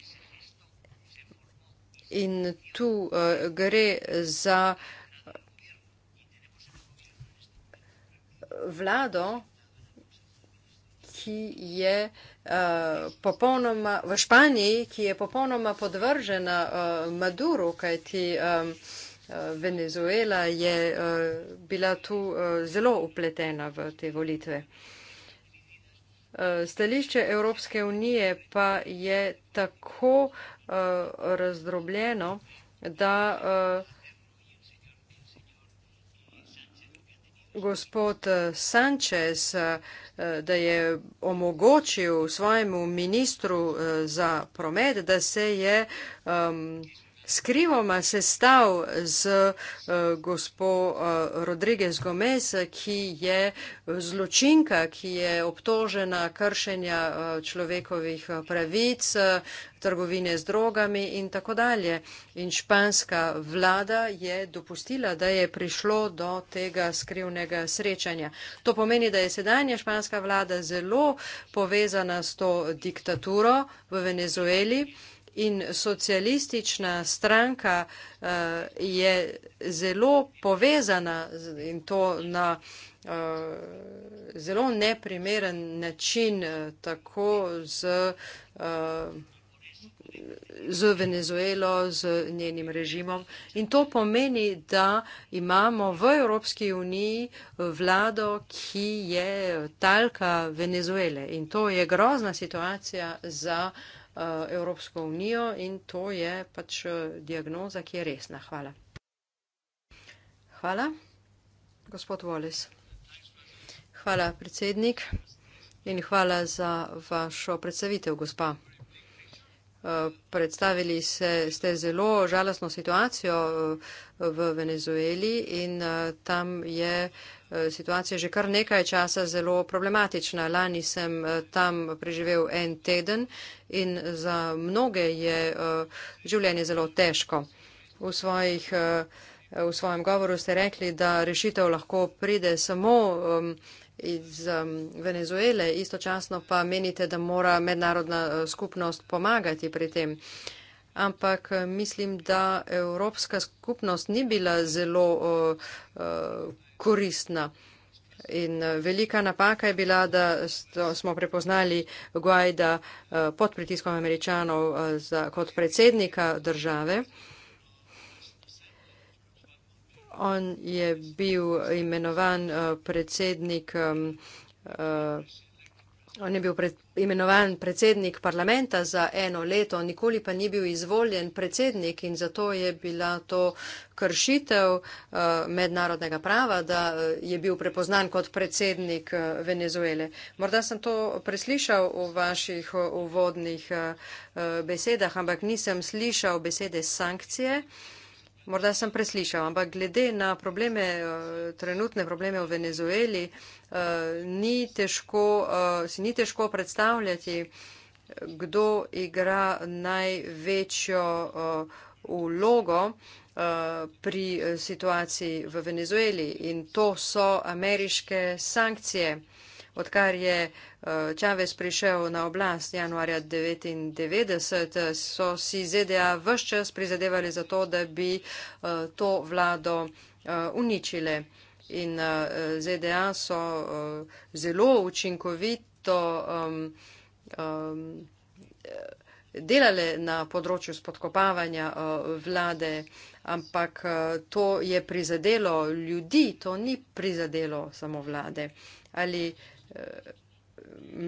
In tu uh, gre za vlado, ki je uh, popolnoma v Španiji, ki je popolnoma podvržena uh, Maduru, kajti um, Venezuela je uh, bila tu uh, zelo upletena v te volitve. Stališče Evropske unije pa je tako uh, razdrobljeno, da uh, gospod eh, Sanchez, eh, eh, da je omogočil svojemu ministru za promet, da se je um, skrivoma sestav z eh, gospo eh, Rodriguez Gomez, ki je zločinka, ki je obtožena kršenja eh, človekovih pravic, trgovine z drogami in tako dalje. In španska vlada je dopustila, da je prišlo do tega skrivnega srečanja. To pomeni, da je sedanja španska vlada zelo povezana s to diktaturo v Venezueli. In socialistična stranka uh, je zelo povezana in to na uh, zelo neprimeren način uh, tako z, uh, z Venezuelo, z njenim režimom. In to pomeni, da imamo v Evropski uniji vlado, ki je talka Venezuele. In to je grozna situacija za. Uh, Eh, Evropsko unijo in to je pač eh, diagnoza, ki je resna. Hvala. Hvala, gospod Voles. Hvala, predsednik. In hvala za vašo predstavitev, gospa predstavili se, ste zelo žalostno situacijo eh, v Venezueli in eh, tam je eh, situacija že kar nekaj časa zelo problematična. Lani sem tam preživel en teden in za mnoge je življenje zelo težko. V, svojih, v svojem govoru ste rekli, da rešitev lahko pride samo. Um, iz um, Venezuele, istočasno pa menite, da mora mednarodna uh, skupnost pomagati pri tem. Ampak uh, mislim, da Evropska skupnost ni bila zelo uh, uh, koristna. In uh, velika napaka je bila, da smo prepoznali Guaida pod pritiskom američanov za, kot predsednika države. Uh, On je bil imenovan eh, predsednik eh, On je bil pred, imenovan predsednik parlamenta za eno leto, nikoli pa ni bil izvoljen predsednik in zato je bila to kršitev uh, mednarodnega prava, da je bil prepoznan kot predsednik uh, Venezuele. Morda sem to preslišal v vaših uvodnih uh, besedah, ampak nisem slišal besede sankcije. Uh, Morda sem preslišal, ampak glede na probleme, eh, trenutne probleme v Venezueli, eh, ni težko, eh, si ni težko predstavljati, kdo igra največjo vlogo pri situaciji v Venezueli. In to so ameriške sankcije. Odkar je eh, Čavez prišel na oblast januarja 1999, so si ZDA vse čas prizadevali za to, da bi eh, to vlado eh, uničile. In ZDA so zelo učinkovito delale na področju spodkopavanja vlade, ampak to je prizadelo ljudi, to ni prizadelo samo vlade. Ali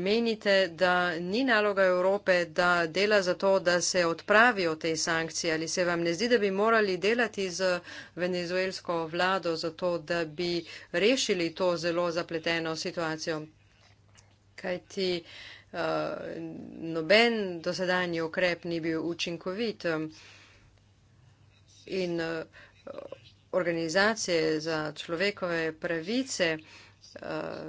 menite, da ni naloga Evrope, da dela za to, da se odpravijo te sankcije? Ali se vam ne zdi, da bi morali delati z venezuelsko vlado za to, da bi rešili to zelo zapleteno situacijo? Kaj ti uh, eh, noben dosedanji okrep ni bil učinkovit in uh, organizacije za človekove pravice uh, Eh,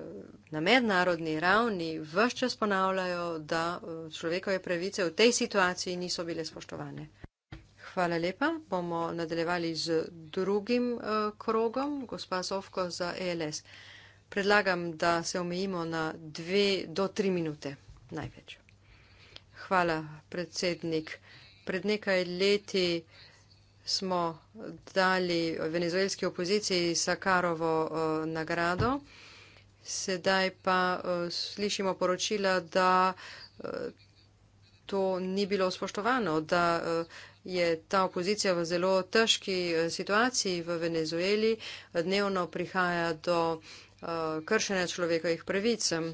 na mednarodni ravni vse čas ponavljajo, da eh, človekove pravice v tej situaciji niso bile spoštovane. Hvala lepa. Bomo nadaljevali z drugim eh, krogom, gospa Sovko za ELS. Predlagam, da se omejimo na dve do tri minute največ. Hvala, predsednik. Pred nekaj leti smo dali venezuelski opoziciji Sakarovo uh, nagrado. Sedaj pa uh, slišimo poročila, da uh, to ni bilo spoštovano, da uh, je ta opozicija v zelo težki uh, situaciji v Venezueli, dnevno prihaja do uh, kršene človekovih pravic. Uh,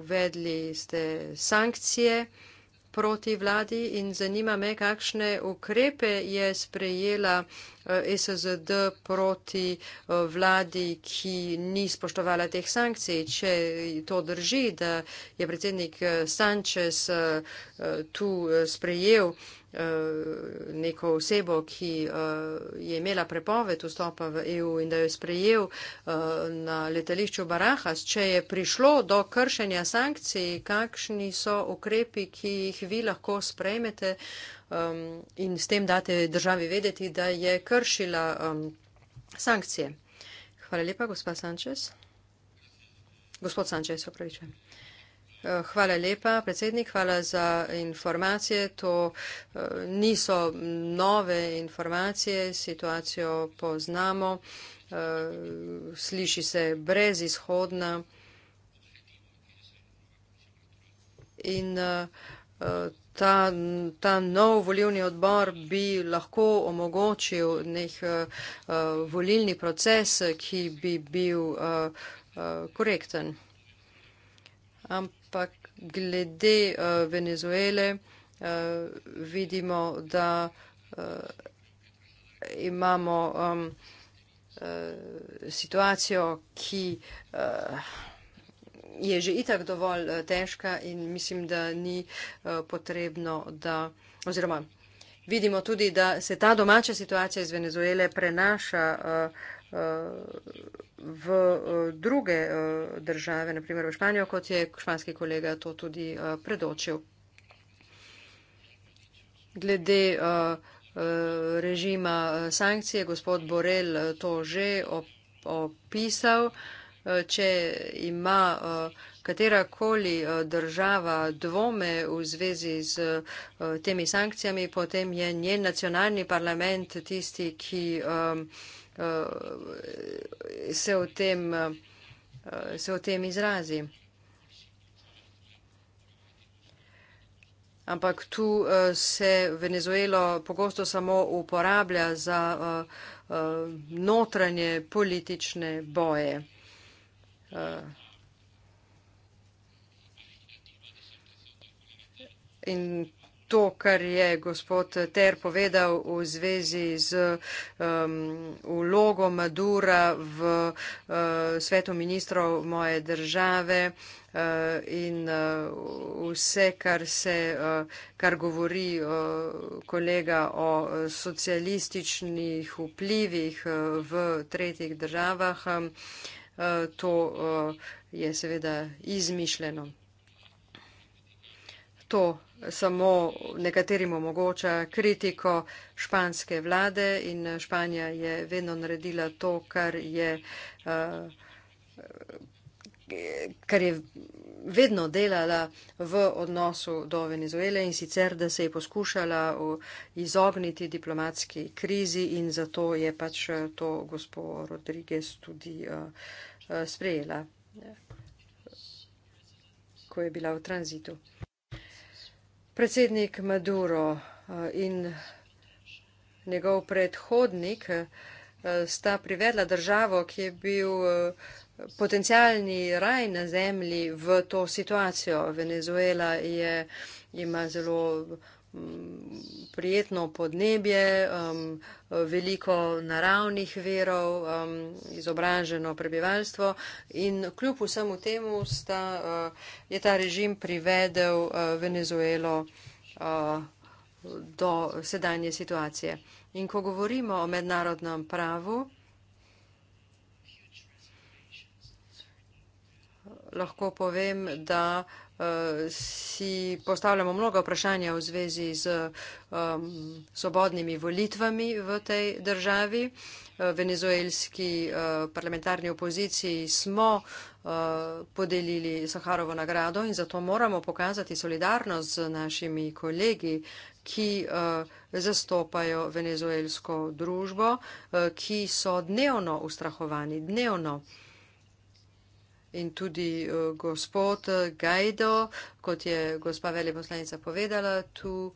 uvedli ste sankcije. Uh, proti vladi in zanima me, kakšne ukrepe je sprejela eh, SZD proti eh, vladi, ki ni spoštovala teh sankcij. Če to drži, da je predsednik eh, Sanchez tu sprejel Eh, neko osebo, ki eh, je imela prepoved vstopa v EU in da jo je sprejel eh, na letališču Barahas, če je prišlo do kršenja sankcij, kakšni so ukrepi, ki jih vi lahko sprejmete in s tem date državi vedeti, da je kršila sankcije. Hvala lepa, gospod Sančez. Gospod Sančez, opravičujem. Eh, hvala lepa, predsednik, hvala za informacije. To eh, niso nove informacije, situacijo poznamo, eh, sliši se brezizhodna. In ta, ta nov volilni odbor bi lahko omogočil nek volilni proces, ki bi bil korekten. Ampak ampak glede uh, Venezuele uh, vidimo, da uh, imamo um, uh, situacijo, ki uh, je že itak dovolj težka in mislim, da ni uh, potrebno, da oziroma. Vidimo tudi, da se ta domača situacija iz Venezuele prenaša. Uh, uh, v eh, druge eh, države, naprimer v Španijo, kot je španski kolega to tudi eh, predočil. Glede režima sankcije, gospod Borel to že opisal. Če ima katerakoli država dvome v zvezi z temi sankcijami, potem je njen nacionalni parlament tisti, ki. Um, Eh, se o tem, eh, se o tem izrazi. Ampak tu eh, se Venezuelo pogosto samo uporablja za notranje politične boje. In to, kar je gospod Ter povedal v zvezi z um, vlogo Madura v uh, svetu ministrov moje države uh, in uh, vse, kar, se, uh, kar govori uh, kolega o socialističnih vplivih uh, v tretjih državah, um, uh, to uh, je seveda izmišljeno to samo nekaterim omogoča kritiko španske vlade in Španija je vedno naredila to, kar je, eh, kar je vedno delala v odnosu do Venezuele in sicer, da se je poskušala izogniti diplomatski krizi in zato je pač eh, to gospo Rodriguez tudi eh, sprejela, ko je bila v tranzitu predsednik Maduro eh, in njegov predhodnik eh, sta privedla državo, ki je bil eh, potencialni raj na zemlji v to situacijo. Venezuela je, ima zelo Mm, prijetno podnebje, um, veliko naravnih verov, um, izobraženo prebivalstvo in kljub vsemu temu sta, uh, je ta režim privedel uh, Venezuelo uh, do sedanje situacije. In ko govorimo o mednarodnem pravu, lahko povem, da uh, si postavljamo mnoga vprašanja v zvezi z um, svobodnimi volitvami v tej državi. Uh, venezuelski uh, parlamentarni opoziciji smo uh, podelili Saharovo nagrado in zato moramo pokazati solidarnost z našimi kolegi, ki uh, zastopajo venezuelsko družbo, uh, ki so dnevno ustrahovani, dnevno uh, in tudi uh, gospod Gajdo, kot je gospa veljeposlanica povedala, tu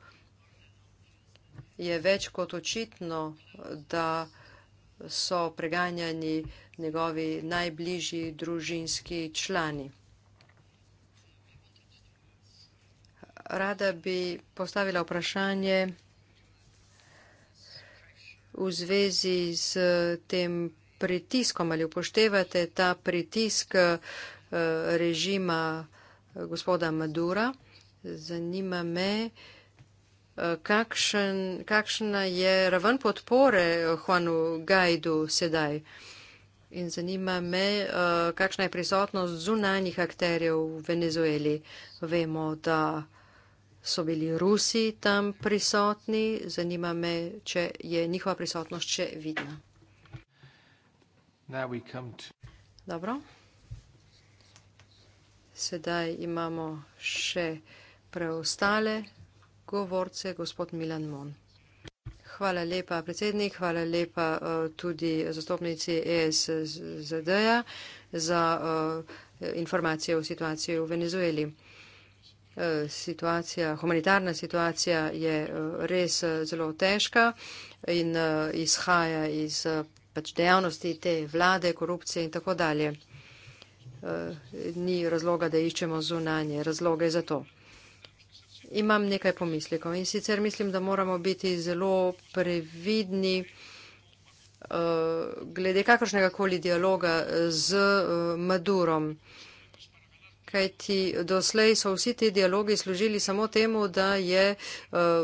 je več kot očitno, da so preganjani njegovi najbližji družinski člani. Rada bi postavila vprašanje v zvezi z tem pritiskom ali upoštevate ta pritisk eh, režima eh, gospoda Madura. Zanima me, eh, kakšen, kakšna je raven podpore Juanu Gajdu sedaj. In zanima me, kakšna je prisotnost zunanjih akterjev v Venezueli. Vemo, da so bili Rusi tam prisotni. Zanima me, če je njihova prisotnost še vidna. Dobro. Sedaj imamo še preostale govorce, gospod Milan Mon. Hvala lepa, predsednik, hvala lepa eh, tudi zastopnici ESZD-ja za eh, informacije o situaciji v Venezueli. Eh, situacija, humanitarna situacija je res zelo težka in izhaja iz pač dejavnosti te vlade, korupcije in tako dalje. Eh, ni razloga, da iščemo zunanje razloge za to. Imam nekaj pomislekov in sicer mislim, da moramo biti zelo previdni eh, glede kakršnega koli dialoga z eh, Madurom. Kajti doslej so vsi ti dialogi služili samo temu, da je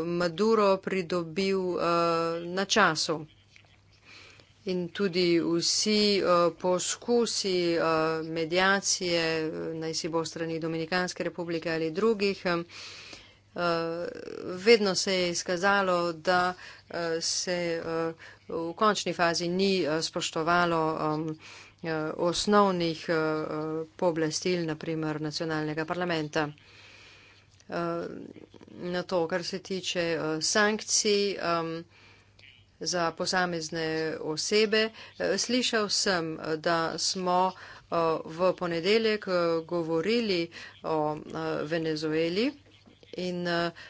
Maduro pridobil na času in tudi vsi eh, poskusi eh, medijacije, eh, naj si bo strani Dominikanske republike ali drugih, vedno se je izkazalo, da se v končni fazi ni spoštovalo osnovnih poblestil, naprimer nacionalnega parlamenta. Na to, kar se tiče sankcij, za posamezne osebe. Slišal sem, da smo v ponedeljek govorili o Venezueli in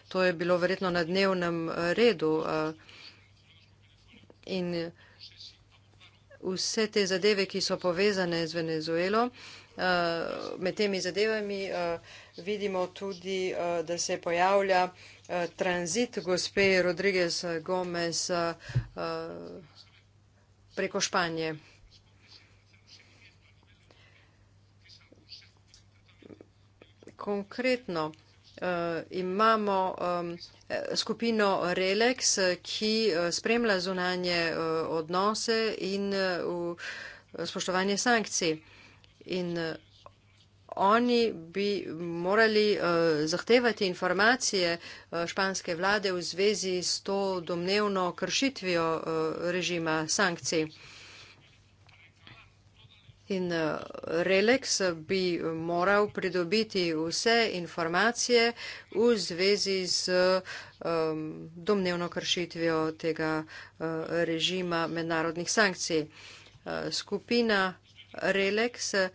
to je bilo verjetno na dnevnem redu. In vse te zadeve, ki so povezane z Venezuelo, med temi zadevami vidimo tudi, da se pojavlja vsega, tranzit gospe Rodriguez Gomez eh, preko Španije. Konkretno eh, imamo eh, skupino Relex, ki spremlja zunanje odnose in spoštovanje sankcij. In oni bi morali eh, zahtevati informacije eh, španske vlade v zvezi s to domnevno kršitvijo eh, režima sankcij. In Relex bi moral pridobiti vse informacije v zvezi z ehm, domnevno kršitvijo tega režima mednarodnih sankcij. Skupina Relex je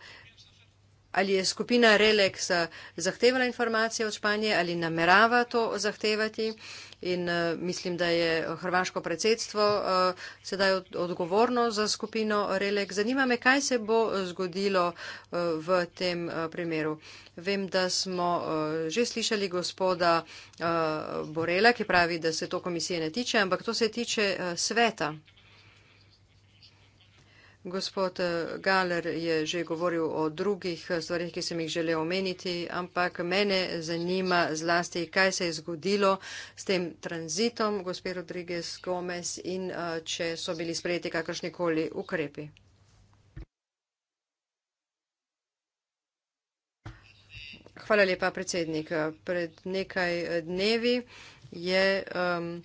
ali je skupina Releksa eh, zahtevala informacije od Španije ali namerava to zahtevati. In uh, mislim, da je hrvaško predsedstvo uh, sedaj od, odgovorno za skupino Relek. Zanima me, kaj se bo zgodilo uh, v tem uh, primeru. Vem, da smo uh, že slišali gospoda uh, Borela, ki pravi, da se to komisije ne tiče, ampak to se tiče uh, sveta. Gospod eh, Galer je že govoril o drugih eh, stvarih, ki sem jih želel omeniti, ampak mene zanima zlasti, kaj se je zgodilo s tem tranzitom, gospod Rodriguez Gomez, in eh, če so bili sprejeti kakršnikoli ukrepi. Hvala lepa, predsednik. Pred nekaj dnevi je. Um,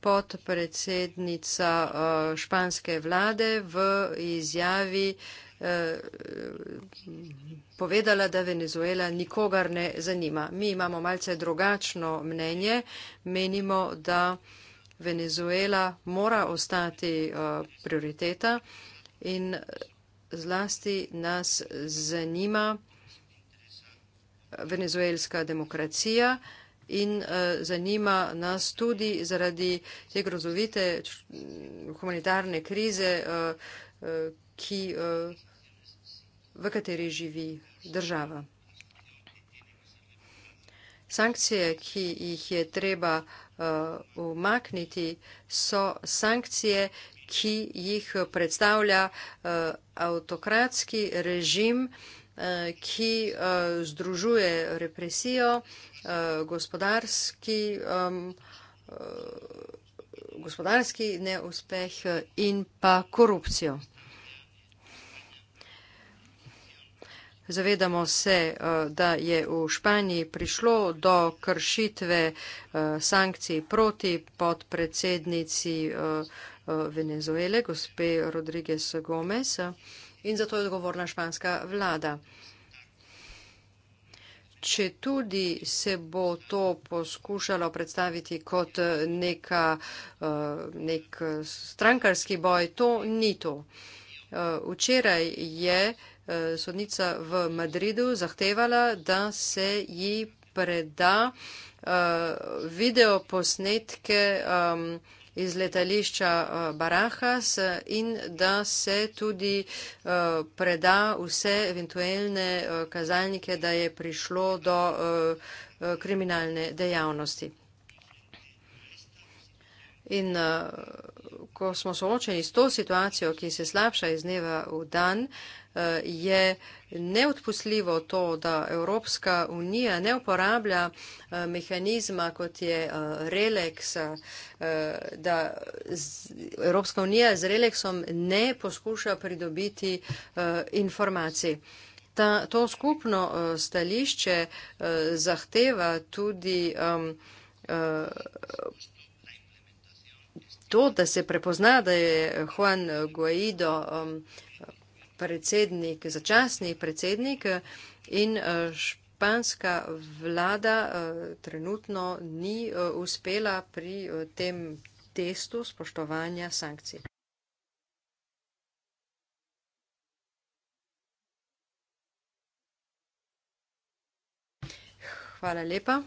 podpredsednica eh, španske vlade v izjavi eh, povedala, da Venezuela nikogar ne zanima. Mi imamo malce drugačno mnenje. Menimo, da Venezuela mora ostati eh, prioriteta in zlasti nas zanima venezuelska demokracija in eh, zanima nas tudi zaradi te grozovite hm, humanitarne krize, eh, eh, ki, v kateri živi država. Sankcije, ki jih je treba umakniti, so sankcije, ki jih predstavlja avtokratski režim, ki jih predstavlja avtokratski režim, ki eh, združuje represijo, eh, gospodarski, eh, gospodarski neuspeh in pa korupcijo. Zavedamo se, da je v Španiji prišlo do kršitve sankcij proti podpredsednici Venezuele, gospe Rodriguez Gomez in zato je odgovorna španska vlada. Če tudi se bo to poskušalo predstaviti kot neka, eh, nek strankarski boj, to ni to. Eh, včeraj je eh, sodnica v Madridu zahtevala, da se ji preda video posnetke. Um, iz letališča eh, Barajas eh, in da se tudi eh, preda vse eventualne kazalnike, da je prišlo do kriminalne dejavnosti. In ko smo soočeni s to situacijo, ki se slabša iz dneva v dan, je neodpustljivo to, da Evropska unija ne uporablja eh, mehanizma, kot je eh, Relex, eh, da Evropska unija z Relexom ne poskuša pridobiti informacij. Ta, to skupno stališče zahteva tudi to, da se prepozna, da je Juan Guaido um, predsednik, začasni predsednik eh, in eh, španska vlada eh, trenutno ni uspela pri tem testu spoštovanja sankcij. Hvala lepa.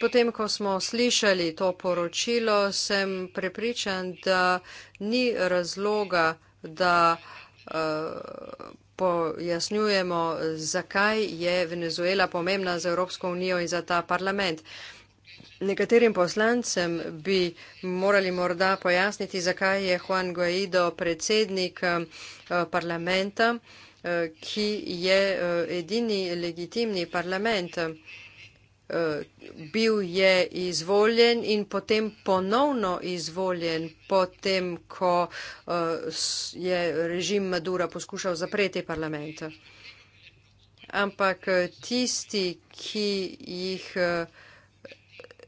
Potem, ko smo slišali to poročilo, sem prepričan, da ni razloga, da uh, pojasnjujemo, zakaj je Venezuela pomembna za Evropsko unijo in za ta parlament. Nekaterim poslancem bi morali morda pojasniti, zakaj je Juan Guaido predsednik eh, parlamenta, eh, ki je edini legitimni parlament. Eh, bil je izvoljen in potem ponovno izvoljen, potem, ko eh, je režim Madura poskušal zapreti parlament. Ampak eh, tisti, ki jih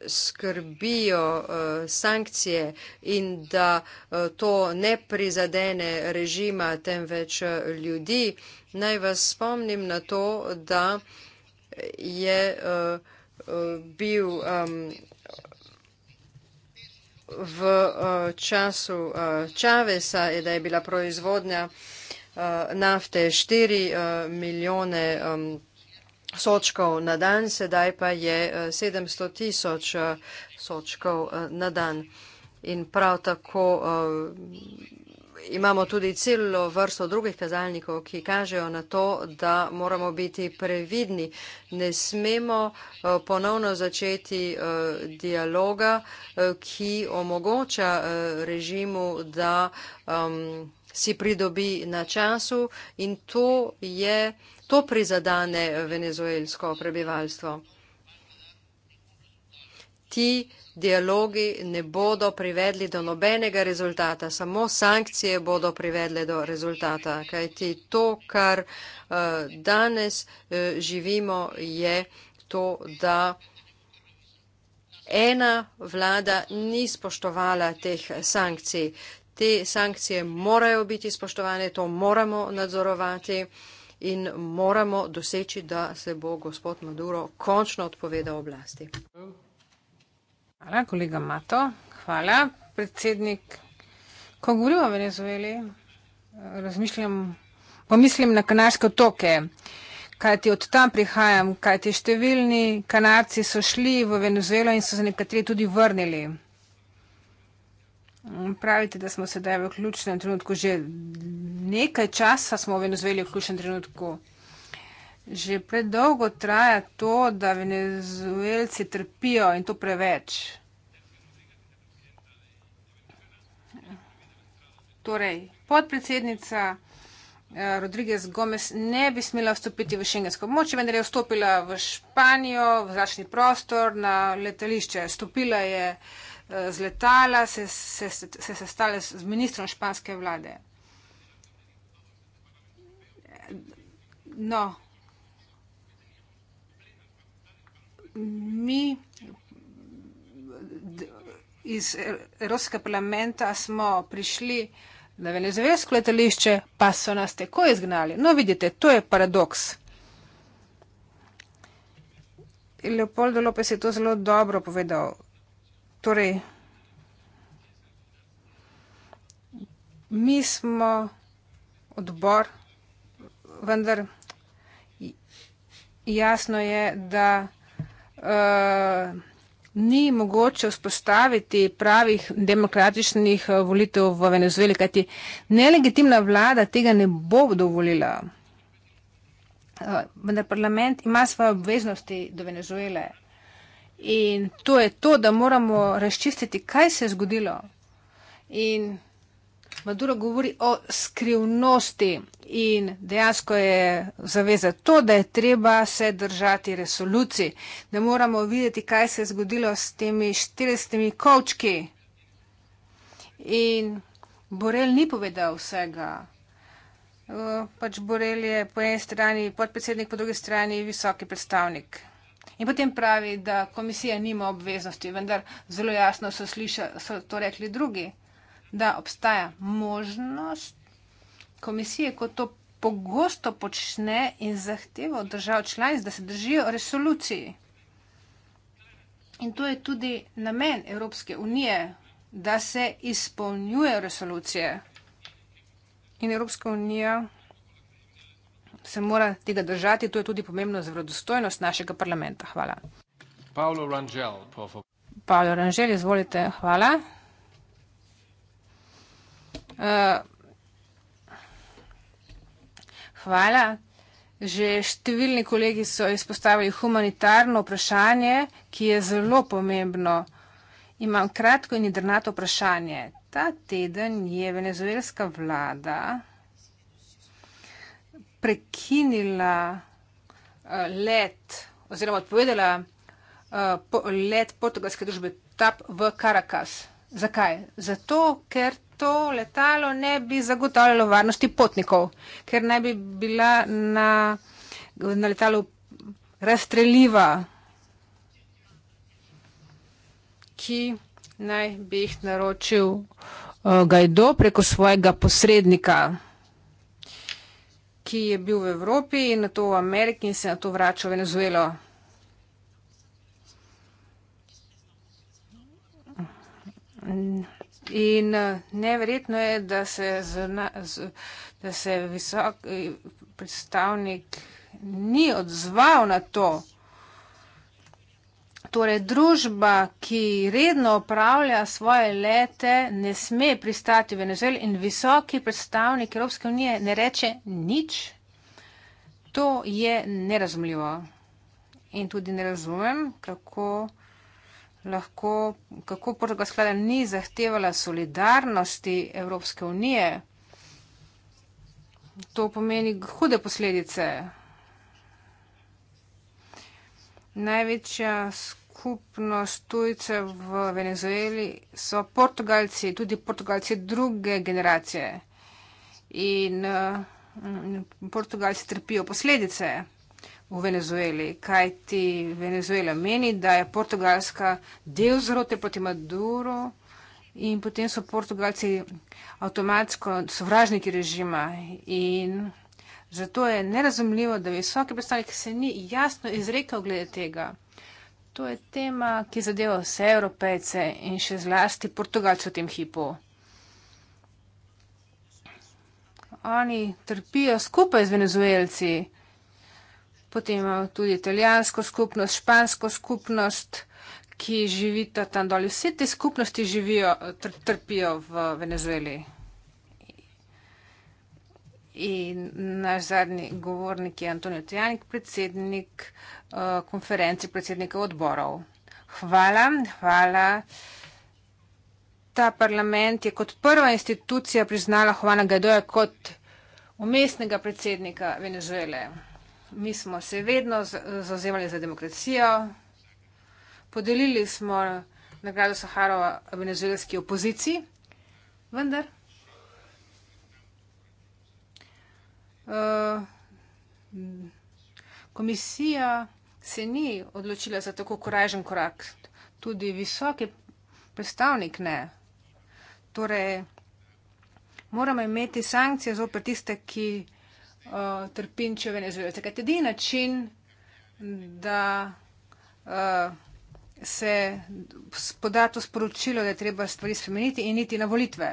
skrbijo sankcije in da to ne prizadene režima, temveč ljudi, naj vas spomnim na to, da je bil um, v uh, času uh, Čavesa in da je bila proizvodnja uh, nafte 4 uh, milijone um, sočkov na dan, sedaj pa je uh, 700 tisoč uh, sočkov uh, na dan. In prav tako. Uh, imamo tudi celo vrsto drugih kazalnikov, ki kažejo na to, da moramo biti previdni. Ne smemo eh, ponovno začeti eh, dialoga, eh, ki omogoča režimu, da si pridobi na času in to, je, to prizadane venezuelsko prebivalstvo ti dialogi ne bodo privedli do nobenega rezultata, samo sankcije bodo privedle do rezultata, kajti to, kar eh, danes eh, živimo, je to, da ena vlada ni spoštovala teh sankcij. Te sankcije morajo biti spoštovane, to moramo nadzorovati in moramo doseči, da se bo gospod Maduro končno odpovedal oblasti. Hvala, kolega Mato. Hvala, predsednik. Ko govorimo o Venezueli, razmišljam, pomislim na kanarske otoke, kajti od tam prihajam, kajti številni kanarci so šli v Venezuelo in so se nekateri tudi vrnili. Pravite, da smo sedaj v ključnem trenutku že nekaj časa, smo v Venezueli v ključnem trenutku. Že predolgo traja to, da venezuelci trpijo in to preveč. Torej, podpredsednica eh, Rodriguez Gomez ne bi smela vstopiti v šengensko območje, vendar je vstopila v Španijo, v zračni prostor, na letališče. Stopila je eh, z letala, se, se, se, se sestala z ministrom španske vlade. No, mi iz Evropskega parlamenta smo prišli na venezuelsko letališče, pa so nas tako izgnali. No, vidite, to je paradoks. Leopoldo Lopes je to zelo dobro povedal. Torej, mi smo odbor, vendar jasno je, da. Eh, ni mogoče vzpostaviti pravih demokratičnih eh, volitev v Venezueli, kajti nelegitimna vlada tega ne bo dovolila. Eh, vendar parlament ima svoje obveznosti do Venezuele. In to je to, da moramo razčistiti, kaj se je zgodilo. In Maduro govori o skrivnosti in dejansko je zaveza to, da je treba se držati resoluciji. Ne moramo videti, kaj se je zgodilo s temi 40 kočki. In Borel ni povedal vsega. Eh, pač Borel je po eni strani podpredsednik, po drugi strani visoki predstavnik. In potem pravi, da komisija nima obveznosti, vendar zelo jasno so, sliša, so to rekli drugi da obstaja možnost komisije, ko to pogosto počne in zahteva od držav članic, da se držijo resoluciji. In to je tudi namen Evropske unije, da se izpolnjuje resolucije. In Evropska unija se mora tega držati, to je tudi pomembno za vredostojnost našega parlamenta. Hvala. Paolo Rangel, Paolo Rangel, izvolite. Hvala. Uh, hvala. Že številni kolegi so izpostavili humanitarno vprašanje, ki je zelo pomembno. Imam kratko in jedrnato vprašanje. Ta teden je venezuelska vlada prekinila eh, let oziroma odpovedala eh, let portugalske družbe TAP v Karakas. Zakaj? Zato, ker to letalo ne bi zagotavljalo varnosti potnikov, ker ne bi bila na, na letalu razstreljiva, ki naj bi jih naročil uh, Gajdo preko svojega posrednika, ki je bil v Evropi in na to v Ameriki in se na to vrača v Venezuelo. In In eh, neverjetno je, da se, zna, da se visok eh, predstavnik ni odzval na to. Torej, družba, ki redno upravlja svoje lete, ne sme pristati v Venezueli in visoki predstavnik Evropske unije ne reče nič. To je nerazumljivo. In tudi ne razumem, kako lahko, kako Portugalska vlada ni zahtevala solidarnosti Evropske unije. To pomeni hude posledice. Največja skupnost tujce v Venezueli so Portugalci, tudi Portugalci druge generacije. In uh, Portugalci trpijo posledice v Venezueli, kaj ti Venezuela meni, da je Portugalska del zrote proti Maduro in potem so Portugalci avtomatsko sovražniki režima in zato je nerazumljivo, da visoki predstavnik se ni jasno izrekel glede tega. To je tema, ki zadeva vse evropejce in še zlasti Portugalce v tem hipu. Oni trpijo skupaj z venezuelci potem imamo tudi italijansko skupnost, špansko skupnost, ki živita tam dolje. Vse te skupnosti živijo, tr trpijo v Venezueli. In naš zadnji govornik je Antonio Tejanik, predsednik uh, eh, konferenci predsednikov odborov. Hvala, hvala. Ta parlament je kot prva institucija priznala Hovana Gadoja kot umestnega predsednika Venezuele. Mi smo se vedno zauzemali za demokracijo. Podelili smo nagrado Saharova venezuelski opoziciji, vendar. Uh, komisija se ni odločila za tako korajžen korak. Tudi visoki predstavnik ne. Torej, moramo imeti sankcije zopr tiste, ki uh, trpinčijo venezuelce. Kaj je edini način, da uh, se poda to sporočilo, da je treba stvari spremeniti in iti na volitve.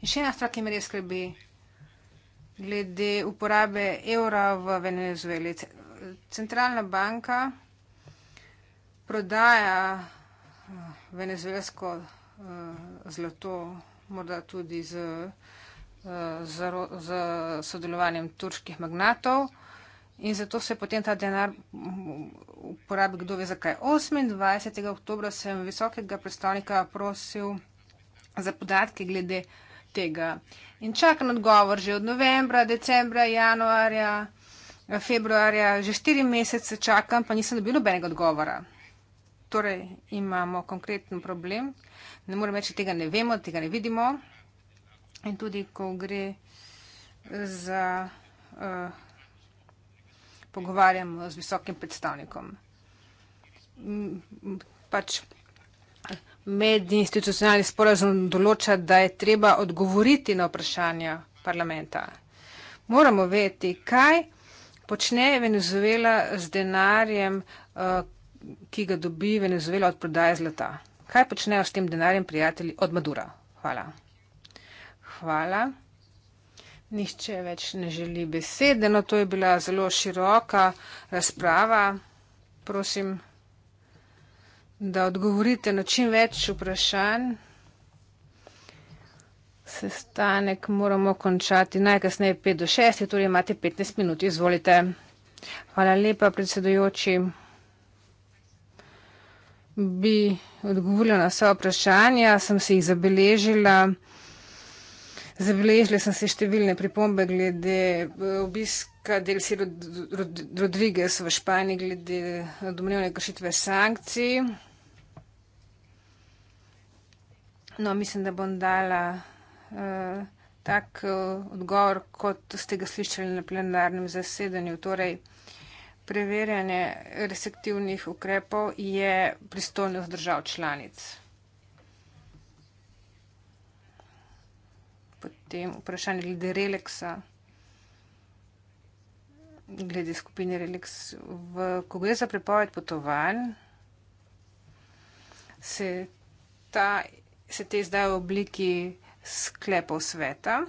In še ena stvar, ki me res skrbi, glede uporabe evra v Venezueli. Centralna banka prodaja uh, venezuelsko uh, zlato, morda tudi z uh, Eh, z, z sodelovanjem turških magnatov in zato se potem ta denar uporabi, kdo ve zakaj. 28. oktober sem visokega predstavnika prosil za podatke glede tega. In čakam odgovor že od novembra, decembra, januarja, februarja, že štiri mesece čakam, pa nisem dobil nobenega odgovora. Torej imamo konkreten problem. Ne morem reči, tega ne vemo, tega ne vidimo. In tudi, ko gre za uh, pogovarjamo z visokim predstavnikom. Pač medinstitucionalni sporazum določa, da je treba odgovoriti na vprašanja parlamenta. Moramo vedeti, kaj počne Venezuela z denarjem, uh, ki ga dobi Venezuela od prodaje zlata. Kaj počnejo s tem denarjem prijatelji od Madura? Hvala hvala. Nihče več ne želi besede, no to je bila zelo široka razprava. Prosim, da odgovorite na čim več vprašanj. Sestanek moramo končati najkasneje 5 do 6, torej imate 15 minut, izvolite. Hvala lepa, predsedujoči. Bi odgovorila na vse vprašanja, sem se jih zabeležila zabeležila sem se številne pripombe glede eh, obiska Delsi Rodriguez v Španiji, glede eh, domnevne kršitve sankcij. No, mislim, da bom dala uh, tak uh, odgovor, kot ste ga slišali na plenarnem zasedanju. Torej, preverjanje resektivnih ukrepov je pristojnost držav članic. potem vprašanje glede Releksa, glede skupine Releks. Ko gre za prepoved potovanj, se, ta, se te zdaj v obliki sklepov sveta,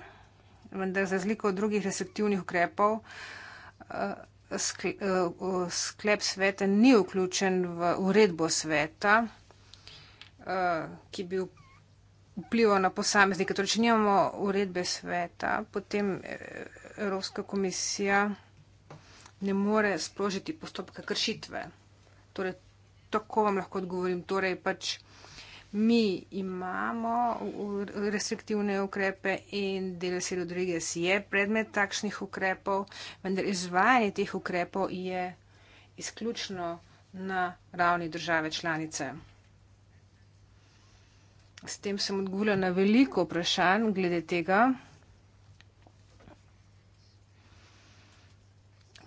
vendar za razliko od drugih receptivnih ukrepov. Eh, eh, sklep sveta ni vključen v uredbo sveta, eh, ki bi vplivov na posameznike. Torej, če nimamo uredbe sveta, potem eh, Evropska komisija ne more sprožiti postopka kršitve. Torej, tako vam lahko odgovorim. Torej, pač mi imamo restriktivne ukrepe in Delesi Rodriguez je predmet takšnih ukrepov, vendar izvajanje teh ukrepov je izključno na ravni države članice. S tem sem odgovorila na veliko vprašanj glede tega.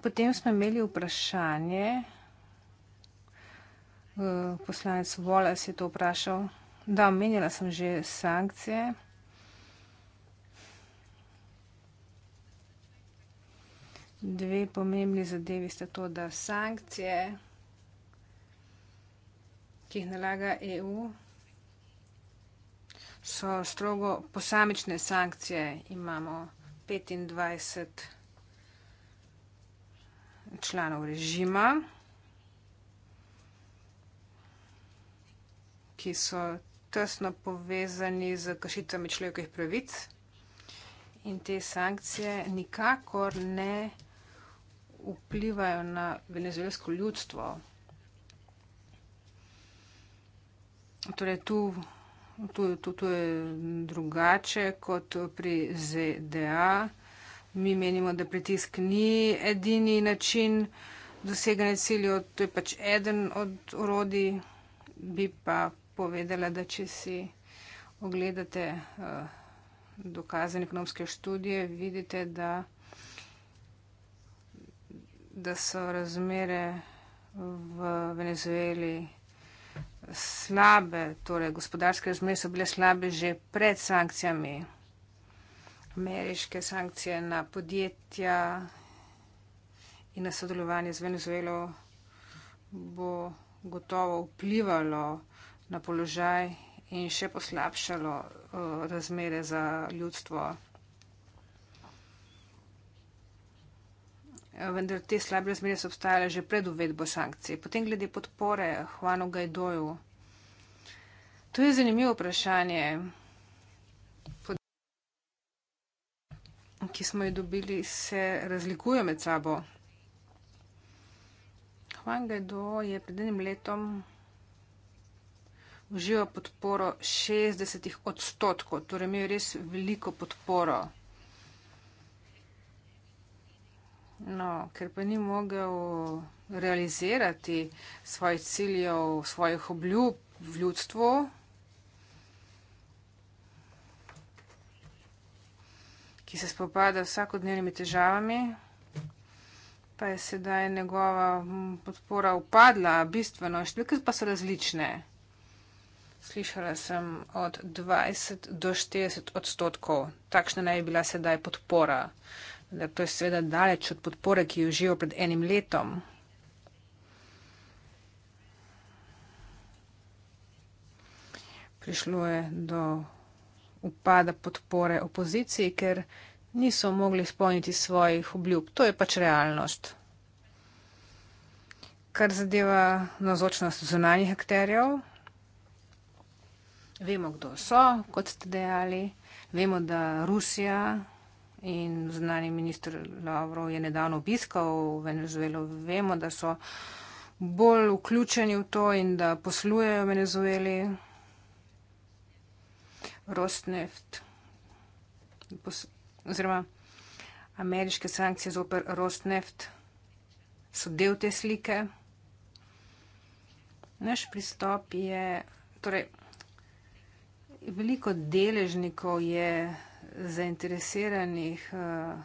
Potem smo imeli vprašanje, eh, poslanec Volas je to vprašal, da omenjala sem že sankcije. Dve pomembni zadevi sta to, da sankcije, ki jih nalaga EU, so strogo posamične sankcije. Imamo 25 članov režima, ki so tesno povezani z kršitvami človekovih pravic. In te sankcije nikakor ne vplivajo na venezuelsko ljudstvo. Torej, tu To, to, to je drugače kot pri ZDA. Mi menimo, da pritisk ni edini način doseganja ciljev, to je pač eden od urodi. Bi pa povedala, da če si ogledate eh, dokazane ekonomske študije, vidite, da, da so razmere v Venezueli slabe, torej gospodarske razmere so bile slabe že pred sankcijami, ameriške sankcije na podjetja in na sodelovanje z Venezuelo bo gotovo vplivalo na položaj in še poslabšalo uh, razmere za ljudstvo. Eh, vendar te slabe razmere so obstajale že pred uvedbo sankcij. Potem glede podpore Juanu Gajdoju. To je zanimivo vprašanje, Pod... ki smo jo dobili, se razlikuje med sabo. Juan Gajdo je pred enim letom užival podporo 60 odstotkov, torej imel res veliko podporo. No, ker pa ni mogel realizirati svojih ciljev, svojih obljub v ljudstvu, ki se spopada z vsakodnevnimi težavami, pa je sedaj njegova podpora upadla bistveno. Številke pa so različne. Slišala sem od 20 do 40 odstotkov, takšna naj bi bila sedaj podpora da to je seveda daleč od podpore, ki jo živijo pred enim letom. Prišlo je do upada podpore opoziciji, ker niso mogli spolniti svojih obljub. To je pač realnost. Kar zadeva nazočnost zunanjih akterjev, vemo, kdo so, kot ste dejali, vemo, da Rusija in znani ministr Lavrov je nedavno obiskal v Venezuelo. Vemo, da so bolj vključeni v to in da poslujejo v Venezueli. Rostneft, oziroma ameriške sankcije zoper Rostneft so del te slike. Naš pristop je, torej, veliko deležnikov je zainteresiranih eh,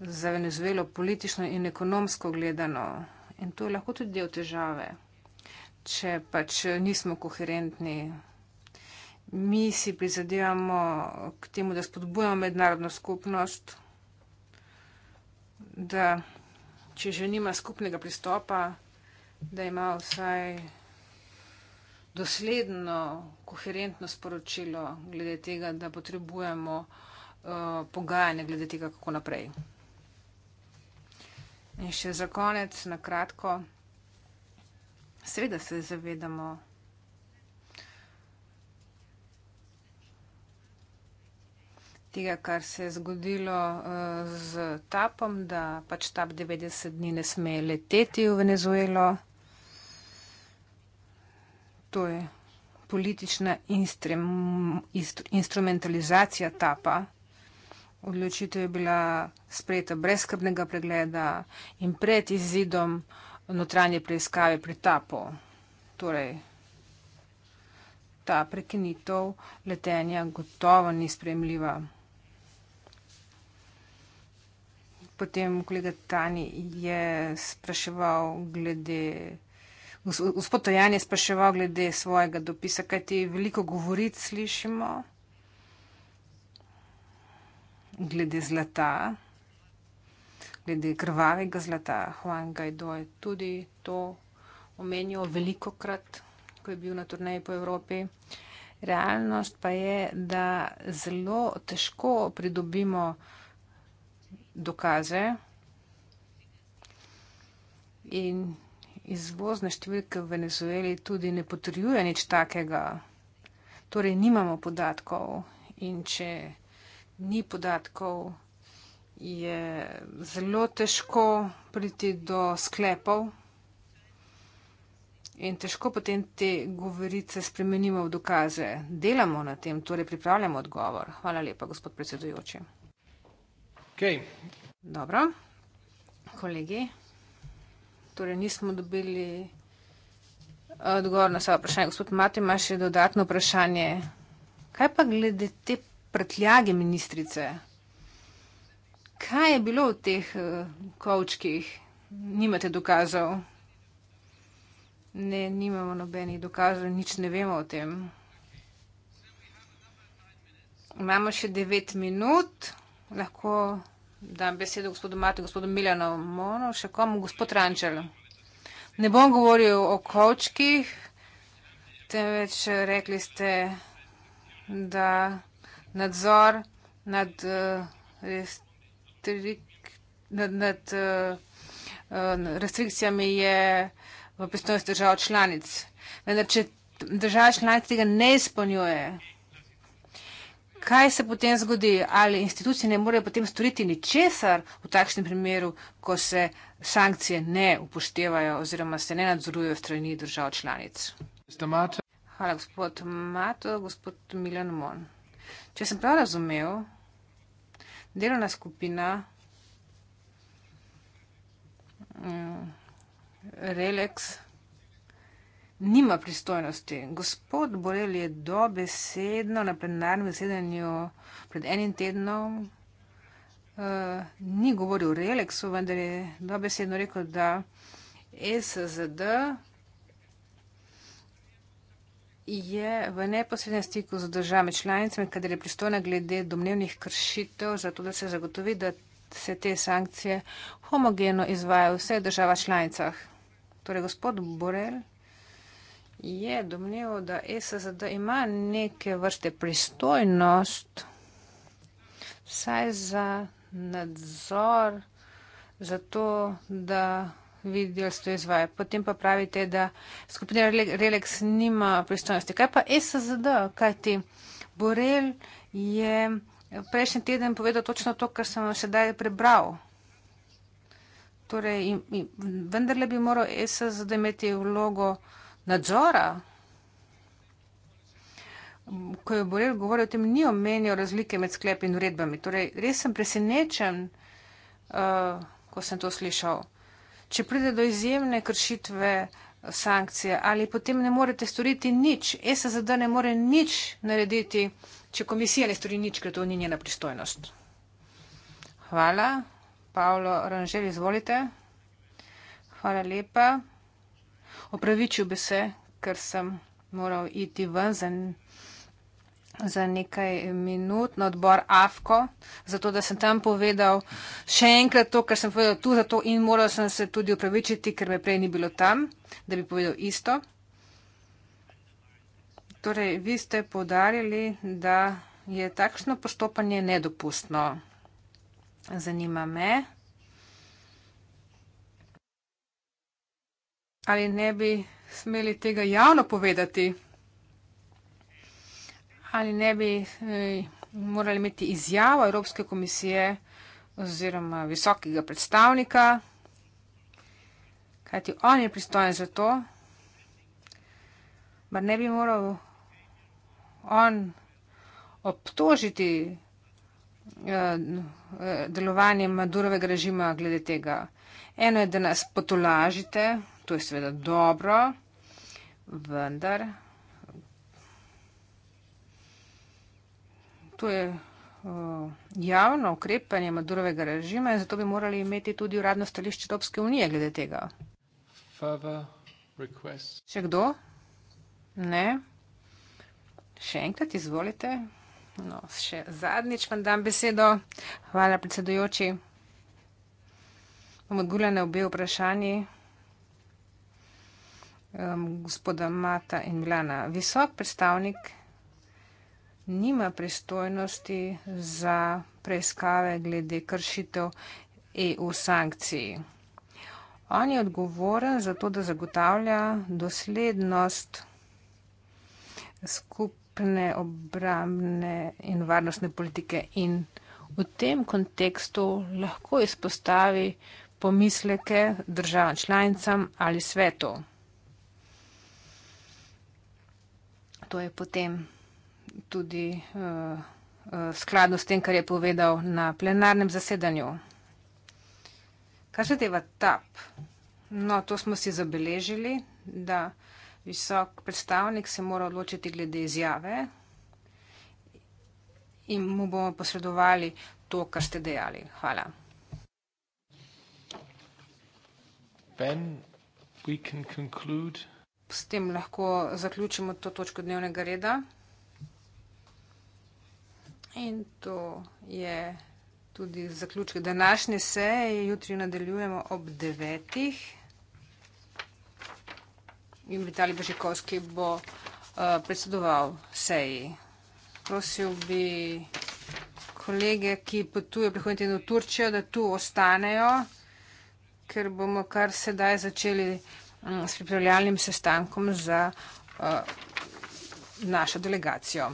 za Venezuelo politično in ekonomsko gledano. In to je lahko tudi del težave, če pač nismo koherentni. Mi si prizadevamo k temu, da spodbujamo mednarodno skupnost, da če že nima skupnega pristopa, da ima vsaj dosledno, koherentno sporočilo glede tega, da potrebujemo uh, eh, pogajanje glede tega, kako naprej. In še za konec, na kratko, seveda se zavedamo, Tega, kar se je zgodilo uh, eh, z TAPom, da pač TAP 90 dni ne sme leteti v Venezuelo to je politična instrum, instru, instrumentalizacija tapa. Odločitev je bila sprejeta brez skrbnega pregleda in pred izidom notranje preiskave pri tapu. Torej, ta prekinitev letenja gotovo ni spremljiva. Potem kolega Tani je spraševal glede gospod Tojan je spraševal glede svojega dopisa, kaj ti veliko govoric slišimo glede zlata, glede krvavega zlata. Juan Gajdo je tudi to omenil veliko krat, ko je bil na turneji po Evropi. Realnost pa je, da zelo težko pridobimo dokaze in Izvozne številke v Venezueli tudi ne potrjuje nič takega. Torej, nimamo podatkov in če ni podatkov, je zelo težko priti do sklepov in težko potem te govorice spremenimo v dokaze. Delamo na tem, torej pripravljamo odgovor. Hvala lepa, gospod predsedujoči. Okay. Dobro, kolegi torej nismo dobili eh, odgovor na svoje vprašanje. Gospod Mati, imaš še dodatno vprašanje. Kaj pa glede te prtljage ministrice? Kaj je bilo v teh eh, kovčkih? Nimate dokazov? Ne, nimamo nobenih dokazov, nič ne vemo o tem. Imamo še devet minut, lahko Dam besedo gospodu Mati, gospodu Miljano Mono, še komu, gospod Rančel. Ne bom govoril o kočkih, temveč rekli ste, da nadzor nad, eh, restrik, nad, nad eh, restrikcijami je v pristojnosti držav članic. Vendar, če država članic tega ne izpolnjuje, kaj se potem zgodi, ali institucije ne morejo potem storiti ničesar v takšnem primeru, ko se sankcije ne upoštevajo oziroma se ne nadzorujejo strani držav članic. Hvala, gospod Mato, gospod Milan Mon. Če sem prav razumel, delovna skupina mm, Relex. Mm, nima pristojnosti. Gospod Borel je dobesedno na plenarnem zasedanju pred enim tednom uh, ni govoril o Relexu, vendar je dobesedno rekel, da SZD je v neposrednem stiku z državami članicami, kadar je pristojna glede domnevnih kršitev, zato da se zagotovi, da se te sankcije homogeno izvajajo v vseh državah članicah. Torej, gospod Borel je domnevo, da SSD ima neke vrste pristojnost vsaj za nadzor, za to, da videlstvo izvaja. Potem pa pravite, da skupina Relex nima pristojnosti. Kaj pa SSD, kaj ti? Borel je prejšnji teden povedal točno to, kar sem sedaj prebral. Torej, in, in, vendarle bi moral SSD imeti vlogo nadzora. Ko je Borel govoril o tem, ni omenil razlike med sklepi in uredbami. Torej, res sem presenečen, uh, ko sem to slišal. Če pride do izjemne kršitve sankcije ali potem ne morete storiti nič, SSD ne more nič narediti, če komisija ne stori nič, ker to ni njena pristojnost. Hvala. Pavlo Ranžel, izvolite. Hvala lepa opravičil bi se, ker sem moral iti ven za, za nekaj minut na odbor AFKO, zato da sem tam povedal še enkrat to, kar sem povedal tu, zato in moral sem se tudi opravičiti, ker me prej ni bilo tam, da bi povedal isto. Torej, vi ste povdarjali, da je takšno postopanje nedopustno. Zanima me. ali ne bi smeli tega javno povedati, ali ne bi eh, morali imeti izjavo Evropske komisije oziroma visokega predstavnika, kajti on je pristojen za to, pa ne bi moral on obtožiti eh, delovanje Madurovega režima glede tega. Eno je, da nas potolažite, To je seveda dobro, vendar to je uh, javno ukrepanje Madurovega režima in zato bi morali imeti tudi uradno stališče Evropske unije glede tega. Še kdo? Ne? Še enkrat izvolite. No, še zadnjič vam dam besedo. Hvala, predsedujoči. Bom odgovorila na obe vprašanji um, gospoda Mata in Milana. Visok predstavnik nima pristojnosti za preiskave glede kršitev EU sankcij. On je odgovoren za to, da zagotavlja doslednost skupne obrambne in varnostne politike in v tem kontekstu lahko izpostavi pomisleke državam članicam ali svetu. to je potem tudi uh, uh, skladno s tem, kar je povedal na plenarnem zasedanju. Kar se deva TAP, no, to smo si zabeležili, da visok predstavnik se mora odločiti glede izjave in mu bomo posredovali to, kar ste dejali. Hvala. Then we can conclude s tem lahko zaključimo to točko dnevnega reda. In to je tudi zaključek današnje seje. Jutri nadaljujemo ob devetih. In Vitalij Bržikovski bo uh, predsedoval seji. Prosil bi kolege, ki potujejo prihodnji teden v Turčijo, da tu ostanejo, ker bomo kar sedaj začeli. Mm, s pripravljalnim sestankom za eh, našo delegacijo.